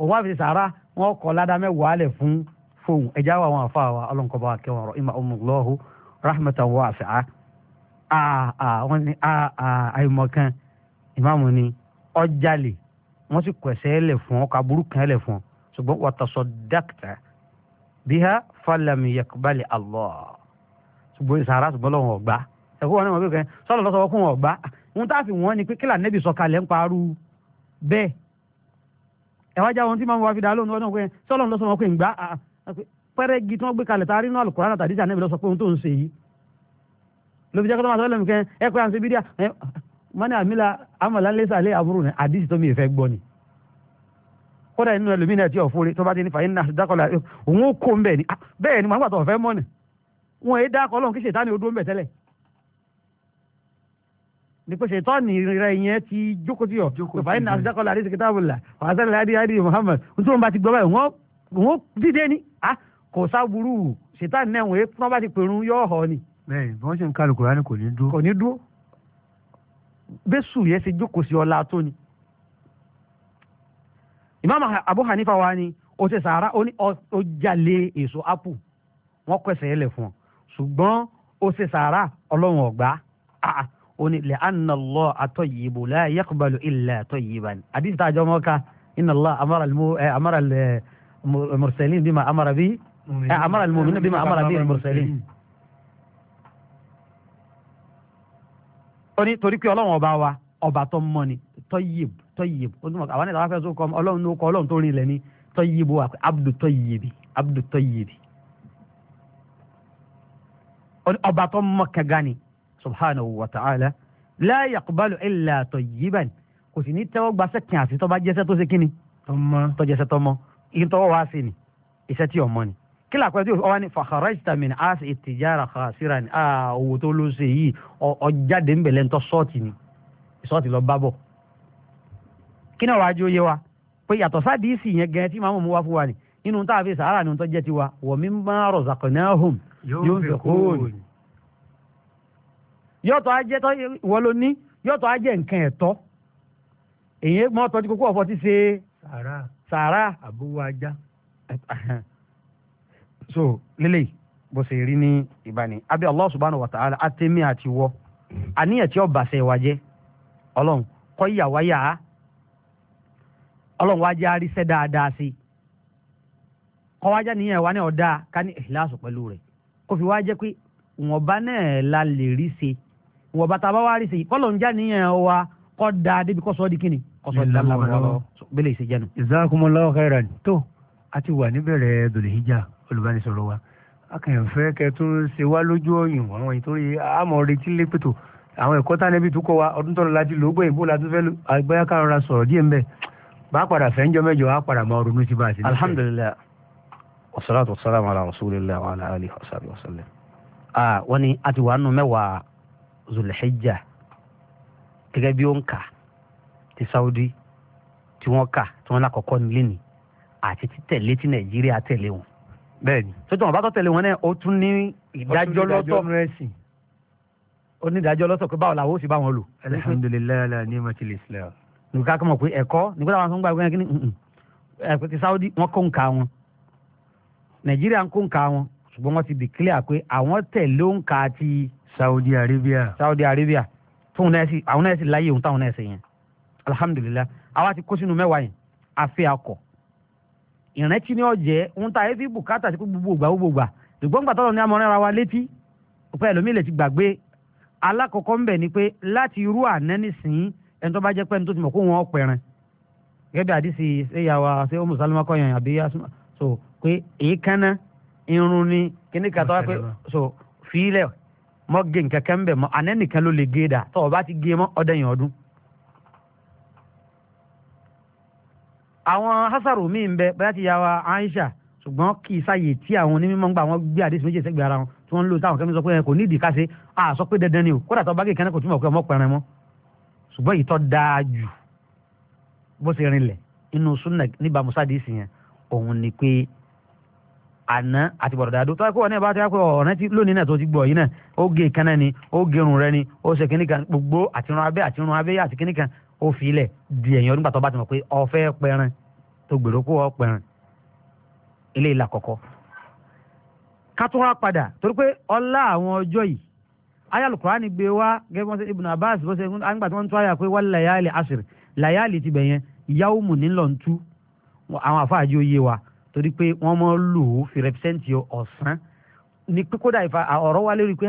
òwò àfi sàrà wọn kọ ládàá fún fóun wa ni wọ́n sì kọ ẹ̀ṣẹ̀ lẹ̀ fún ọ kaburú kan lẹ̀ fún ọ ṣùgbọ́n wàtàṣọ dákítà bíhá fàlàmì yẹkùbálẹ̀ àlọ́ ṣùgbọ́n ìsàrà ṣùgbọ́n lọ́wọ́ ọ̀gbá ẹ̀kọ́ wọn ni wọn bí kan sọ́lọ́ lọ́sọ̀ ọkùn ọ̀gbá wọn tá a fi wọ́n ni pé kílà nẹ́bí sọ̀kalẹ̀ ń parú bẹ́ẹ̀ ẹ wá já wọn tí màmú wa fi dá lóhùn ọdún pé sọ́lọ́ lọ́sọ̀ ọkùn gbá pẹ́rẹ́gì tí wọ́n gbé kalẹ̀ tàrí náà Al-Qur'an àtàdíjà nẹ́bí lọ́sọ̀ pé ohun tó ń ṣe yìí lóbi jẹ́ mọ́ni àmìlà amọ̀lálẹ́sà lé àbúrò ní àdìsí tó mi ìfẹ́ e gbọ́ ni kódà inú ẹlòmíì náà tí ò fúre tó bá ti ní fàyín náà dákọ̀lá òun ó kó ń bẹ̀ ni ah, bẹ́ẹ̀ ni màgbà tó ọ̀fẹ́ mọ́ni wọn èé dákọ̀ ọlọ́run kí ṣètánì ó dúró ń bẹ̀ tẹ́lẹ̀ ni pé ṣètánì rẹ yẹn ti jókòó tí yọ fàyín ah, náà dákọ̀lá àdìsí kìtàbùlà wàásẹ̀lẹ̀ àdìsí àdìsí Muhammad tí bẹ́sù yẹn ṣe jókòó sí ọlá tó ni ìmáàmù Abu Hanifa wa ni o ṣe sàárà ó ní ó jalè èso apu wọn kẹsẹ̀ ẹ̀ lẹ̀ fún ọ ṣùgbọ́n ó ṣe sàárà ọlọ́run ọ̀gbá ó ní lè anàlọ́ àtọ̀yìnbó la yaqbalu illa tayyiban àdìsí tá a jọ mọ́ ká inna Allah amara al-mursalin eh, eh, bima amara bi eh, amara al-mu'minin bima amara bi al ó ní torí pé ọlọ́run ọba wa ọba tó mọ́ ni tọ́yìb tọ́yìb onímọ̀ àwọn ẹ̀dá wa fẹ́ sókọ́ ọlọ́run ló kọ́ ọlọ́run tó rìn lẹ̀ ní tọ́yìb wa pé abdu tọ́yìbì abdu tọ́yìbì ó ní ọba tó mọ́ kẹga ni subhanahu wa ta'ala la yaqbalu illa tọ́yìbàn kò sì ní tẹ́wọ́ gbaṣẹ́ kìn àfi tó jẹ́sẹ́ tó ṣe kíni tó jẹ́sẹ́ ìyẹn tọ́wọ́ wá sí ni iṣẹ́ tí ọmọ ni Kila làkọ́ ẹ̀ tí ọwọ́ ni fakharajta min asi ìtìjára khasira ni ah, owó tó ló ṣe yìí ọjáde ń bẹ̀lẹ̀ ń tọ́ sọ́ọ̀tì ni sọ́ọ̀tì lọ bá bọ̀ kí náà wàá jó yé wa pé yàtọ̀ sádìísì yẹn gẹ́gẹ́ tí màmú mu wá fún wa ni inú tá a fi sàárà ni tó jẹ́ ti wa wa mimma razaqnahum yunfiqun yọ̀tọ̀ ajẹ́ tọ́ wọ́n ló ní yọ̀tọ̀ ajẹ́ nǹkan ẹ̀tọ́ èyí mọ́ tọ́jú kókó ọ̀fọ̀ ti ṣe sàárà sàárà àbúwájá so lélẹ̀ bó ṣe rí ní ìbáni abẹ́ Allah subhanahu wa ta'ala atẹ́mí àti wọ́ àníyàn tí ó bàṣẹ wa jẹ́ ọlọ́run kọ́ ìyàwó yà á ọlọ́run wá jẹ́ àríṣẹ́ dáadáa sí i kọ́ wá jẹ́ níyàn wa ní ọ̀dà ká ní ìhlásù pẹ̀lú rẹ̀ kó fi wá jẹ́ pé wọ̀nba náà la lè rí ṣe wọ̀nba tá a bá wá rí ṣe yìí kọ́lọ̀ ń já níyàn wa kọ́ da débi kọ́sọ́ di kíni kọ́sọ́ di lábàbà lọ́wọ́ bẹ́lẹ̀ ìṣèjẹ́nu. jazakumullahu khairan tó a ti wà níbẹ̀rẹ̀ dòlèhíjà olùbánisọ̀rọ̀ wa akẹ́yìnfẹ́ kẹtún ṣe wá lójú ọ̀yìn àwọn ìtòrí àmọ́ retí lépètò àwọn ẹ̀kọ́ tá níbi tó kọ́ wa ọdún tọ́lọ́ láti lò ó gbẹ̀yìn bó la tún fẹ́ àgbáyà kárọ̀ra sọ̀rọ̀ díẹ̀ ń bá a padà fẹ́ńjọ́ mẹ́jọ á padà máa ronú sí bá a ti ní. alhamdulilayi wasalaatu wasalaamu ala rasulillah wa ala alihi wa sallam. a ti wà nù mẹ́wàá zulhijja gẹ́gẹ́ bí ó ń kà ti saudi àti títẹ̀lé tí nàìjíríà tẹ̀lé wọn. bẹ́ẹ̀ni. tó tó wọn bá tó tẹ̀lé wọn náà ó tún ní ìdájọ́ lọ́tọ̀ ó ní ìdájọ́ lọ́tọ̀ pé báwo la ó sì bá wọn lò. alihamudulilayi ala ni mati islam. nǹkan kọ́ mọ̀ pé ẹ̀kọ́ nígbà táwọn sọ ń gbà wípé kí ni ẹ̀kọ́ ti saudi wọ́n kó nǹka wọn nàìjíríà ń kó nǹka wọn ṣùgbọ́n wọ́n ti declare pé àwọn tẹ̀lé òǹkà ti. saudi arabia. saudi arabia tóun náà sì àwọn náà sì láyé òun táwọn náà sì yẹn alihamudulilayi àwa ti kó sínú mẹ́wàá yẹn àfi akọ̀ ìrántí ni ọ̀jẹ́ ń ta efi bùkátà sí gbogbo ìgbà gbogbo ìgbà ṣùgbọ́n gbà tọ́lọ̀ ní amọ̀ràn ara wa létí òpẹ́ ẹlòmíì lè ti gbàgbé alákọ̀ọ́kọ́ ń bẹ̀ ni pé láti irú àná nísìnyí ẹni tó bá jẹ́ pẹ́ni tó ti mọ̀ kó wọn ọ̀pẹ̀rẹ̀ gẹ́gẹ́ bí ṣé ó mùsàlùmá so pé èékánná irun ni kíní kan so fílẹ̀ mọ́ gé nǹkan kan bẹ̀ mọ́ àná nìkan ló gé ọ bá ti gé mọ́ ọdẹ yẹn ọdún àwọn hasaru mi ń bẹ bóyá ti ya wa Aisha ṣùgbọ́n kì í sáyè tí àwọn onímọ̀ ń gbà wọ́n gbé àdéhùn méjì sẹ́gbẹ̀ẹ́ ara wọn tí wọ́n ń lò táwọn kẹ́mi sọ pé kò ní ìdí káṣe à sọ pé dandan ni o kódà tó bá kékeré kò túmọ̀ pé ọmọ pẹ̀rẹ̀ mọ́ ṣùgbọ́n ìtọ́ dáa jù bó ṣe rinlẹ̀ inú súnà níbà musadi sì yẹn òun ni pé àná àti bọ̀dọ̀ dàdó tó wọ́n ní ìbá tó yà pé ọ̀rẹ́ tí lónìí náà tó ti gbọ́ yìí náà ó gé ìkànnà ni ó gé rẹ ni ó ṣe kíníkan gbogbo àtirun abẹ́ àtirun abẹ́ àti kíníkan ó fi ilẹ̀ di ẹ̀yìn ọdún gbàtọ́ bá ti mọ̀ pé ọ̀fẹ́ pẹran tó gbèrò kó ọ̀ pẹran ilé ìlà kọ̀kọ́. ká tún wá padà torí pé ọlá àwọn ọjọ́ yìí ayálùkùránì gbé wá gẹ́gẹ́ bọ́n ṣe Ibn Abbas bó nígbà tí wọ́n ń tún àyà pé wal layali asr làyàlì ti bẹ̀yẹn yawmu nílò ń tú àwọn àfáàjì òye wa torí pé wọ́n mọ̀ lò ó fi rẹpẹsẹ́ǹtì ọ̀sán ni pé kódà ọ̀rọ̀ wa lórí pé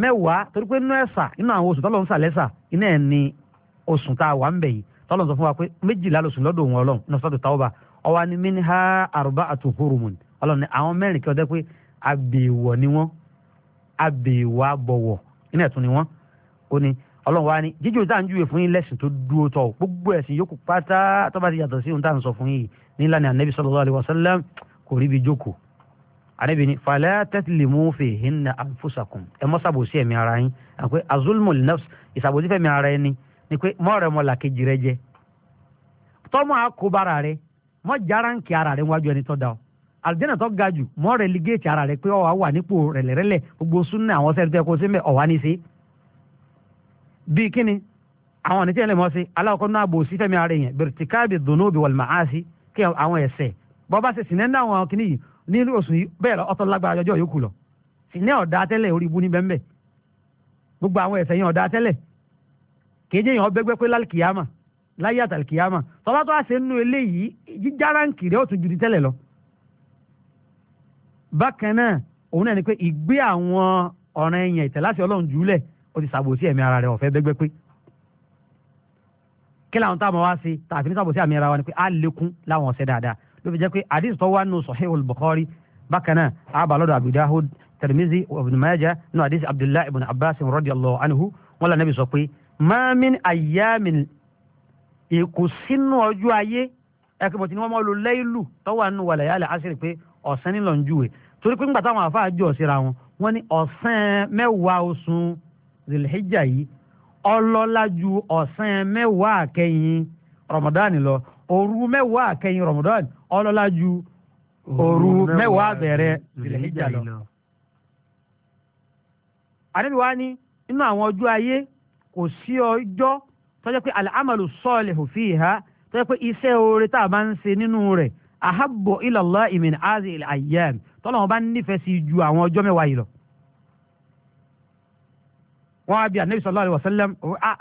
mẹ́wàá torí pé inú ẹ̀sà inú àwọn oṣù tọ́lọ́ ń sà iná ẹ̀ ni oṣù tá a wà ń bẹ̀ yìí tọ́lọ̀ sọ fún wa pé méjìlá lóṣù lọ́dọ̀ òun ọlọ́run nọ́sọ́tò tàwọ́bà ọwọ́ ni minha arba'atu hurumun ọlọ́run ni àwọn mẹ́rin kí ọ dẹ́ pé abèèwọ̀ ni wọ́n abèèwọ̀ abọ̀wọ̀ nínú ẹ̀tún ni wọ́n ó ní ọlọ́run wa ni jíjò tá à ń júwe fún yín lẹ́sìn tó dúró tọ̀ gbogbo ẹ̀sìn yòókù pátá tó ti yàtọ̀ sí ohun tá à ń sọ fún yìí nílànà anabi bi jókòó anabi ni fala tatlimu fihinna anfusakum ẹ mọ́ sàbòsí ẹ̀mí ara yín àpé azulmul nafs ìsàbòsí fẹ̀mí ara ni pé mọ́ rẹ mọ́ làkejì rẹ jẹ tọ́mọ́ àkóbára rẹ mọ́ járáǹkì ara rẹ wájú ẹni tó da ọ àlùjẹ́nà tó ga jù mọ́ rẹ ligéètì ara rẹ pé ọ wà nípò rẹ̀lẹ̀rẹ̀lẹ̀ gbogbo súnà àwọn sẹ́ni tó yẹ kó sí mẹ́ ọ̀wá ní sí. bíi kíni àwọn ọ̀nà tí yẹn lè mọ́ sí aláwọ̀kọ́ náà bò sí fẹ́mi ara yẹn bẹ̀rẹ̀tìkáàbì dùnúbì wal màásì kí àwọn ẹ̀sẹ̀ bọ́ bá ṣe náà àwọn kìíní yìí ní ilé oṣù yìí bẹ́ẹ̀ ọ̀tọ̀ lágbára ọjọ́ yòókù lọ sì náà ọ̀dà orí ibú ní bẹ́ẹ̀ gbogbo àwọn ẹ̀sẹ̀ yẹn ọ̀dà tẹ́lẹ̀ kéje yẹn ọbẹ̀gbẹ́ pé lálkìyàmà láyé àtàlkìyàmà tọ́lá tó a ṣe nínú eléyìí jíjá ránkì rẹ̀ ó tún ju ti tẹ́lẹ̀ lọ. bákan náà òun náà ni pé ìgbé àwọn ọ̀ràn ẹ̀yìn ìtẹ̀láṣẹ ọlọ́run jùlẹ̀ ó ti ṣàbòsí ẹ̀mí ara rẹ̀ ọ̀fẹ́ bẹ́gbẹ́ pé kí làwọn táwọn wá sí tààfin ṣàbòsí ẹ̀mí ara wa ni pé á lékún láwọn ọ̀sẹ̀ dáadáa ló fi jẹ́ pé àdìs tó wà nù Sahihul Bukhari bákan náà àbálọ́dọ̀ Abu Dawud Tirmidhi Ibn Majah nù àdìs Abdullahi ibn sọ pé Maamin ayamin èkó sínú ọjọ́ ayé ẹ̀kẹ́bọ̀tì ni wọ́n máa lo lẹ́ìlù tọ́wọ́ àánú wà láyàlẹ̀ àṣírí pé ọ̀sán nílò ń júwe torí pé ńgbà táwọn àfáà jọ síra wọn wọ́n ní ọ̀sán mẹ́wàá oṣù zilhijja yìí ọlọ́lá ju ọ̀sán mẹ́wàá àkẹyìn Ramadan lọ òru mẹ́wàá àkẹyìn Ramadan ọlọ́lá ju òru mẹ́wàá bẹ̀rẹ̀ zilhijja lọ. àdébíwá ní inú àwọn ọjọ́ ayé kò sí ọjọ́ tọ́jọ́ pé al-amalu salihu fiha tọ́jọ́ pé iṣẹ́ oore tá a bá ń ṣe nínú rẹ̀ ahabbu ila Allah min azil ayyam tọ́lọ́ wọn bá nífẹ̀ẹ́ sí ju àwọn ọjọ́ mẹ́wàá yìí lọ. wọ́n á bí anabi sallallahu alayhi wa sallam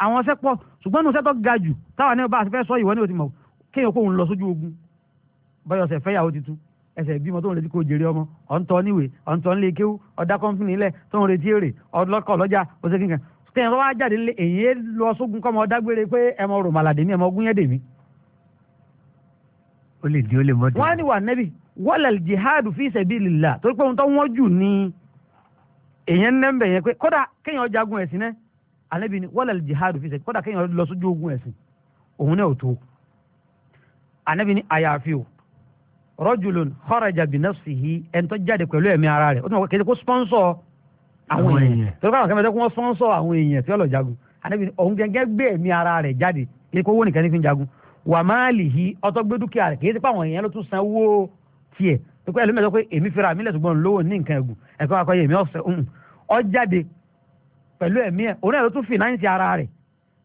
àwọn ọ̀sẹ̀ pọ̀ ṣùgbọ́n ní ọ̀sẹ̀ tó ga jù táwọn ẹni bá a fẹ́ sọ ìwọ ni o ti mọ̀ kéèyàn kó òun lọ sójú ogun báyọ̀ ọ̀sẹ̀ fẹ́yàwó ti ẹsẹ̀ ìbímọ tó ń retí kó jèrè ọmọ ọ̀ntọ́ níwèé ọ̀ntọ́ nílé kéwú ọ̀dá kọ́ńfìnì ilẹ̀ tó ń retí èrè ọlọ́kọ̀ ọlọ́jà ó ṣe tẹ́yìn bá wá jáde lé èyí lọ sógun kọ́ ọmọ dágbére pé ẹ mọ rùmàlà dèmí ẹ mọ ogun yẹn dèmí. ó lè di ó lè mọ́ dèmí. wọ́n ní wà nẹ́bì wọ́lẹ̀ jihad fi sabilillah torí pé ohun tó wọ́n jù ní èyí nẹ́mbẹ̀ yẹn pé kódà kéèyàn jagun ẹ̀sìn náà ànẹ́bì ni wọ́lẹ̀ jihad fi sabilillah kódà kéèyàn lọ sójú ogun ẹ̀sìn òun náà tó ànẹ́bì ni àyàfi o rọ́jùlùn kharaja bi nafsihi ẹ̀ńtọ́ jáde pẹ̀lú ẹ̀mí ara rẹ̀ ó ti mọ̀ kéde kó sponsor àwọn èèyàn tó káwọn kẹfẹ tó kún wọn sponsor àwọn èèyàn tí ọlọ jagun anabi ọ̀hún gẹ́gẹ́ bẹ́ẹ̀ mi ara rẹ̀ jáde kíkó owó nìkan ní fi ń jagun wà máa lì hí ọtọ́ gbé dúkìá rẹ̀ kì í ti pa àwọn èèyàn ló tún san owó tiẹ̀ tó kọ́ ẹlòmíràn sọ pé èmi fira mi lẹ́sùgbọ́n lówó ní nǹkan ẹ̀gùn ẹ̀kọ́ akọ́yẹ èmi ọ̀sẹ̀ ọ̀hún ó jáde pẹ̀lú ẹ̀mí ẹ̀ òun náà ló tún fìnáǹsì ara rẹ̀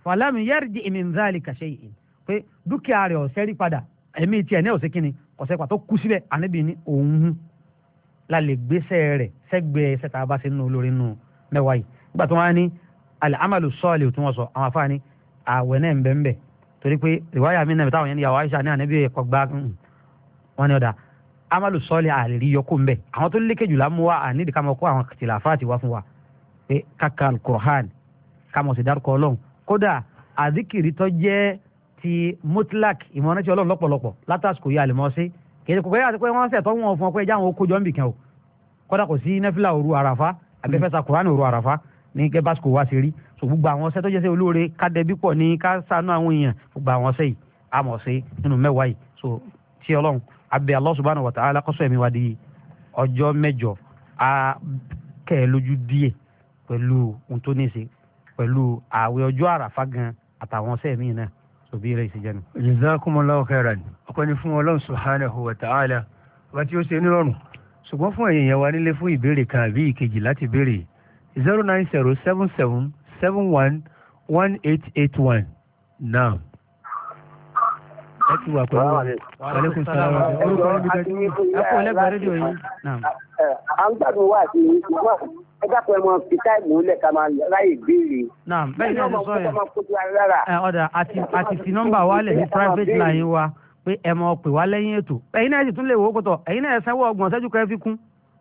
fàlámì yẹ́rìndì ìmìnzálì kàṣẹ́ yìí pé dúkìá rẹ̀ ọ̀sẹ̀ rí padà ẹ̀mí tiẹ̀ ní ọ̀sẹ̀ kínni ọ̀sẹ̀ pàtó kú síbẹ̀ àníbi ní òun lálẹ́ gbéṣẹ́ rẹ̀ sẹ́gbẹ̀ẹ́ sẹ́ta bá ṣe nínú olórí nù mẹ́wàá yìí nígbà tí wọ́n á ní al-amalu salih tí wọ́n sọ àwọn afáàní àwẹ̀ náà ń torí pé ìwáyà mi náà táwọn yẹn ní yàwó Aisha ní ànábì ẹ̀kọ́ gbá hmm. wọn ni ọ̀dà amalu sọ́ọ̀lì àlèrí yọkó ń bẹ̀ àwọn tó lékè jùlọ mú wa ànídìí ká mọ̀ kó àwọn tìlàfáàtì wá fún wa pé kàkà alukur'an ká mọ̀ sí dárúkọ ọlọ́run kódà àdìkìrì tó jẹ́ ti mutlak ìmọ̀ràn tí ọlọ́run lọ́pọ̀lọpọ̀ látàsíkò yìí àlèmọ́sí kì í ṣe kò pé àti pé wọ́n sẹ̀ tọ́ wọn fún ọ pé ẹja àwọn okòjọ́ ń bìkan o kódà kò sí nẹ́fìlà òru àràfá abẹ́fẹ́sà hmm. kùránì òru àràfá ní gẹ́gẹ́ bá sùkò wá sí rí so gbogbo àwọn ọ̀sẹ̀ tó jẹ́ sẹ́ olóore ká dẹbí pọ̀ ní ká sànú àwọn èèyàn gbogbo àwọn ọ̀sẹ̀ yìí a mọ̀ sí nínú mẹ́wàá yìí so tí ọlọ́run abẹ́ Allah subhanahu wa ta'ala kọ́sọ́ ẹ̀mí wa di ọjọ́ mẹ́jọ a kẹ́ ẹ lójú díẹ̀ pẹ̀lú ohun tó ní í ṣe pẹ̀lú ààwẹ̀ ọjọ́ àràfá gan àtàwọn ọ̀sẹ̀ míì náà òbí rẹ̀ ìṣèjẹ́nu. jazakumullahu khairan ọ̀pẹ́ni fún ọlọ́run subhanahu wa ta'ala ọba ó ṣe nírọ̀rùn ṣùgbọ́n fún ẹ̀yin yẹn wá nílé fún ìbéèrè kan àbí ìkejì láti béèrè zero nine zero seven seven seven one one eight eight one now. ẹ ti wà pẹ̀lú alekun sara orúkọ ẹni bí ẹ kú ẹlẹ́gbẹ̀ẹ́ rédíò yìí. à ń gbàdúrà wá sí i ṣùgbọ́n ẹ dákun ẹ mọ fìtá ìmúlẹ̀ ká máa ráyè béèrè. náà bẹ́ẹ̀ ni ẹ ti sọ yẹn ọ̀dà àti fi nọ́mbà wa lẹ̀ ní private line wa pé ẹ mọ̀ pè wá lẹ́yìn ètò ẹ̀yin náà sì tún lè wò ó kótó ẹ̀yin náà sanwó ọgbọ̀n ṣẹ́jú kan fi kún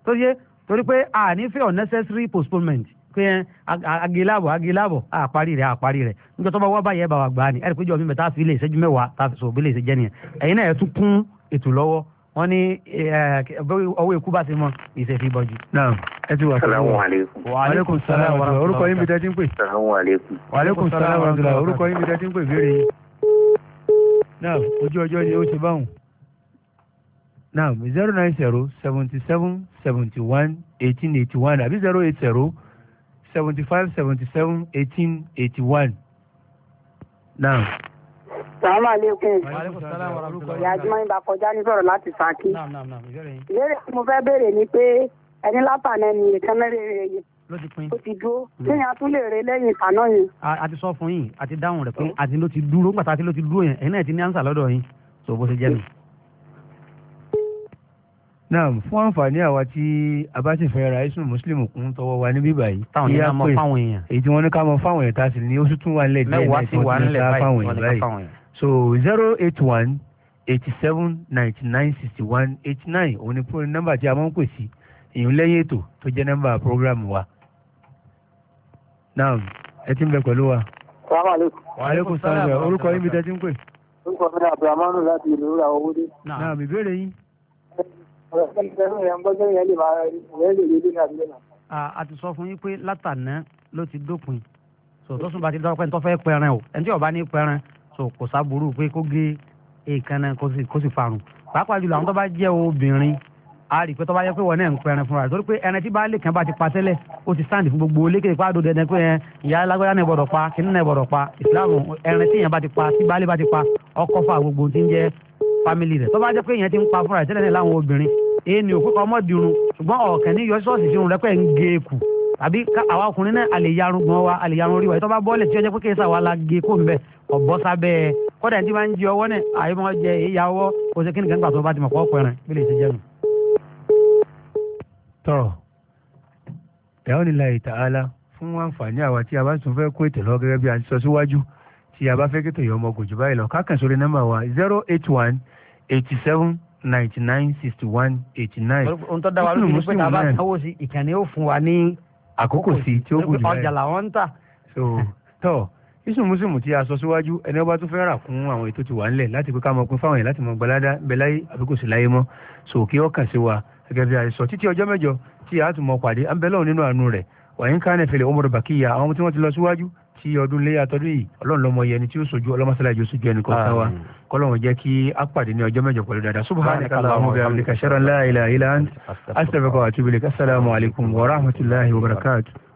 tó yé torí pé a ní unnecessary postponement pé ẹ agilabọ̀ agilabọ̀ àparí rẹ̀ àparí rẹ̀ nígbà tó bá wá báyẹn bá wa gbà á ni ẹ̀rí péjọ mi bẹ̀ẹ́ tá a fi lè ṣẹ́jú mẹ́wàá tá a fi sọ̀rọ̀ bí lè ṣe jẹ́ nìyẹn ẹ̀yin náà tún kún ètò lọ́wọ́ wọ́n ní ọwọ́ ikú bá ti mọ ìṣẹ̀fì ìbọ̀jú. náà ẹ ti wà fún wa. wa aleykum salaam wa rahmatulah. orúkọ yín ń pè. wa aleykum salaam wa rahmatulah. orúkọ yín ń pè Now, ojú ọjọ́ ni ó ṣe báwọn náà zero nine zero seventy seven seventy one eighteen eighty one àbí zero eight zero seventy five seventy seven eighteen eighty one náà. Sàmàlẹ́kùn. Ìyájúmọ́ ìbá kọjá ní sọ̀rọ̀ láti Ṣakí. Ìbéèrè tí mo fẹ́ béèrè ni pé ẹni látàn ẹni ìkànnì rẹ̀ yìí ló ti pin. ó ti dúró lẹ́yìn a tún lè re lẹ́yìn ìkànnà yẹn. a ti sọ fún yín a ti dáhùn rẹ̀ pé àti ló ti dúró nígbà tá a ti ló ti dúró yẹn ẹ̀yin náà ti ní ansa lọ́dọ̀ yín tó bó ṣe jẹ́ nù. náà fún àǹfààní àwa tí a bá sì fẹ́ ra isun muslim kún tọwọ́ wa ní bíbá yìí. táwọn yẹn mọ fáwọn èèyàn. èyí tí wọ́n ní ká mọ fáwọn èèyàn tá a sì ó sì tún wà nílẹ̀ díẹ̀ náà tí wọ́n ti ní ká fáwọn èèyàn báyìí. so zero eight one eighty seven ninety nine sixty one eighty nine òun ni nọ́mbà tí a máa ń pè sí ìyún lẹ́yìn ètò tó jẹ́ nọ́mbà prógráàmù wa naam ẹ ti ń bẹ pẹ̀lú wa. salaamaleykum. waaleykum salaam orúkọ yín mi tẹ́tí ń pè. orúkọ mi ni abdulhamanu láti ìlú ra owó dé. naam ìbéèrè yín. ọ̀rọ̀ ìfẹ́ yẹn ń bọ́ sẹ́yìn ẹ̀ lè máa rẹ̀ lè lé ní àdúgbò náà. a ti sọ fún yín pé látàná ló ti dópin sòtọ́sùn bá ti dọ́pẹ́ ní tọ́fẹ́ pẹran o ẹni tí ọba ní pẹran so kò sábúrú pé kó gé èèkan náà kó sì farun pàápàá jùlọ àwọn tó bá jẹ́ obìnrin a rí i pé tọ́ba yẹ pé wọ́n náà ń pẹran fúnra rẹ̀ torí pé ẹran tí baálé kan bá ti pa tẹ́lẹ̀ ó ti sáǹdì fún gbogbo olékè pa àdó dẹdẹ pé ẹ ìyá alágbára náà gbọdọ̀ pa kínní náà gbọdọ̀ pa ìsìláàmù ẹran tí èèyàn bá ti pa tí baálé bá ti pa ọkọ fà gbogbo tí ń jẹ fámìlì rẹ̀ tọ́ba jẹ́ pé èèyàn ti ń pa fúnra rẹ̀ tẹ́lẹ̀ náà láwọn obìnrin èèyàn òkú kan mọ́dìrún ṣùgbọ́n ọ̀kẹ́ ní yọsọ́ọ̀sì sí e wa la gé e kó ń bẹ̀ ọ̀bọ sábẹ́ kọ́dà ẹni tí máa ń jẹ ọwọ́ náà àyè máa jẹ èyí ya ọwọ́ kó ṣe kí gbà tó bá ti mọ̀ kọ́ ọ̀pọ̀ ẹran bí lè ṣe jẹ́ nù sọ̀rọ̀ bi'awnillahi ta'ala fún àǹfààní àwa tí a bá tún fẹ́ kó ètò lọ gẹ́gẹ́ bí a ti sọ síwájú tí a bá fẹ́ kí tòyọ́ ọmọ gòjò báyìí lọ kákan sórí nọ́mbà wa zero eight one eighty seven ninety nine sixty one eighty nine. ohun tó dá wa lójú ni ìkànnì ó fún wa ní àkókò sí tí ó gùn jù báyìí ọjà làwọn ń tà. tọ́ isun muslim tí a sọ síwájú ẹni ọba tó fẹ́ rà kún àwọn ètò ti wà ńlẹ̀ láti pé ká mọ pín fáwọn yẹn láti mọ gbalada bẹláyé àbí kò sí láyé mọ́ sòkè ọkàn sí wa gẹ́gẹ́ bí a sọ títí ọjọ́ mẹ́jọ tí a tún mọ pàdé à ń bẹ lọ́run nínú àánú rẹ̀ wàyí ń kánẹ̀ fèlè ọmọdé bàkìyà àwọn tí wọ́n ti lọ síwájú tí ọdún léyà tọdún yìí ọlọ́run lọ́mọ yẹni tí ó sojú ọlọ́mọsálájú a pàdé ní ọjọ́ mẹ́jọ pẹ̀lú dáadáa subhanaka allahumma